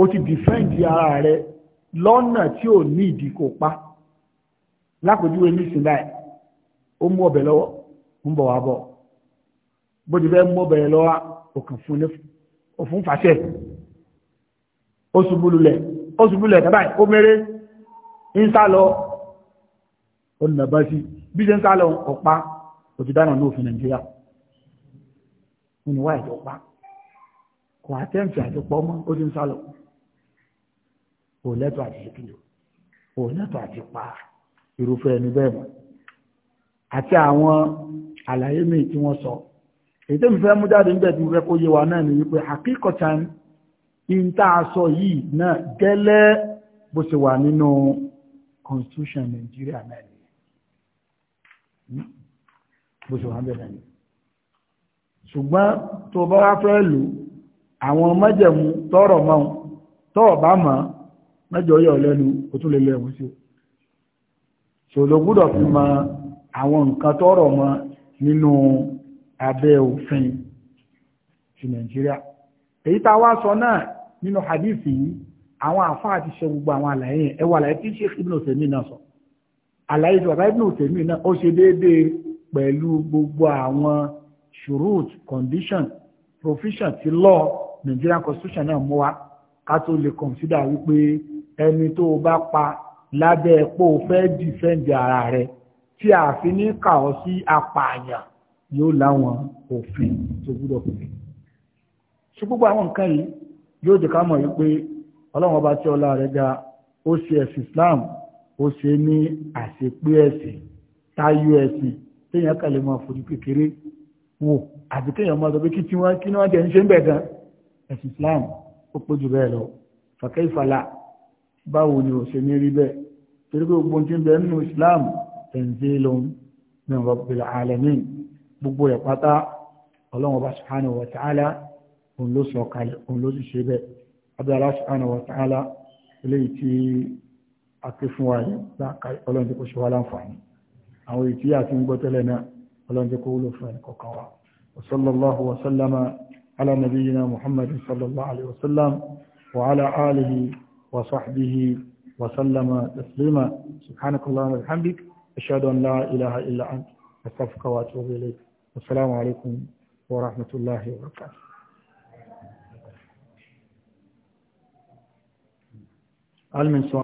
ó lọ́nà tí ò ní ìdí kò pa lápòjúwe nísìn báyìí ó mú ọbẹ̀ lọ́wọ́ ń bọ̀ wá bọ̀ bó ti fẹ́ mú ọbẹ̀ lọ́wọ́ òkàn fún ní òfún fàṣẹ ó ṣubú lulẹ̀ ó ṣubú lulẹ̀ tàbí ó mẹ́rẹ́ ń sá lọ ó nà bá sí bí ṣe ń sá lọ ọ̀pá òtí dáná ní òfin nàìjíríà nínú wáyé ọ̀pá kò àtẹ́ǹtì àti mọ́ ó ti ń sá lọ ò lẹ́tọ̀ àti ṣèkìlì ò lẹ́tọ̀ àti pa irúfẹ́ ẹni bẹ́ẹ̀ mọ́ àti àwọn àlàyé míì tí wọ́n sọ èyí tó ń fẹ́ mú jáde níbẹ̀ tí mo fẹ́ kó yé wa náà ni wípé àkíkọ̀tàn in tá a sọ yìí náà gẹ́lẹ́ bó ṣe wà nínú constitution Nàìjíríà náà ni hmm? bó ṣe wà níbẹ̀ náà ni ṣùgbọ́n tó bá wá fẹ́ lò àwọn májẹ̀mú tọrọ mọ́ tọ́ọ̀ bá mọ́ mẹ́jọ yọ̀ lẹ́nu ó tún lè lẹ́wọ̀n sí ṣòlò gbọ́dọ̀ fi mọ àwọn nǹkan tọ́rọ̀ mọ nínú abẹ́ òfin ti Nàìjíríà èyí tá a wá sọ náà nínú hadithi yìí àwọn àfáà ti ṣe gbogbo àwọn àlàyé yẹn ẹwà àlàyé tí Sheikh Ibn Uthaymeen náà sọ àlàyé tí bàbá Ibn Uthaymeen náà ó ṣe déédéé pẹ̀lú gbogbo àwọn shurut condition provision ti law Nigerian constitution náà mú wa ká tó lè consider wípé ẹni tó bá pa lábẹ́ epo fẹ́ dìfẹ́ǹdì ara rẹ̀ tí àfi ní kà ọ́ sí apààyàn yóò láwọn òfin tó gbúdọ̀ pè. ṣé gbogbo àwọn nǹkan yìí yóò dìka mọ̀ yìí pé ọlọ́run ọba tí ọlá rẹ̀ ga ó ṣe ẹ̀sìn Islam ó ṣe ní àṣepé ẹ̀sìn táyọ ẹ̀sìn téèyàn kàlẹ́ mọ́ àfojú kékeré wò àti téèyàn mọ́ àtọ́bí kí tí wọ́n kí ni wọ́n jẹ́ ń ṣe ń bẹ̀ gan ẹ̀sìn Islam ó pọ̀ jù bẹ́ẹ̀ lọ fàkẹ́ ìfàlà báwo ni ò ṣe ní rí bẹ́ẹ̀ torí pé gbogbo tí ń bẹ nínú Islam tanzilun min rabbil alamin gbogbo rẹ̀ pátá ọlọ́run ọba subhanahu wa ta'ala òun ló sọ kalẹ̀ òun ló sì ṣe bẹ́ẹ̀ abdullah subhanahu wa ta'ala eléyìí tí a ké fún wa yìí bá ọlọ́run tí kò ṣe wá láǹfààní àwọn èyí tí a ti ń gbọ́ tẹ́lẹ̀ náà ọlọ́run tí kò wúlò fún ẹnì kọ̀ọ̀kan wa وصلى الله وسلم على نبينا محمد صلى الله عليه وسلم وعلى آله وصحبه وسلم تسليما سبحانك اللهم وبحمدك أشهد أن لا إله إلا أنت أستغفرك وأتوب إليك والسلام عليكم ورحمة الله وبركاته هل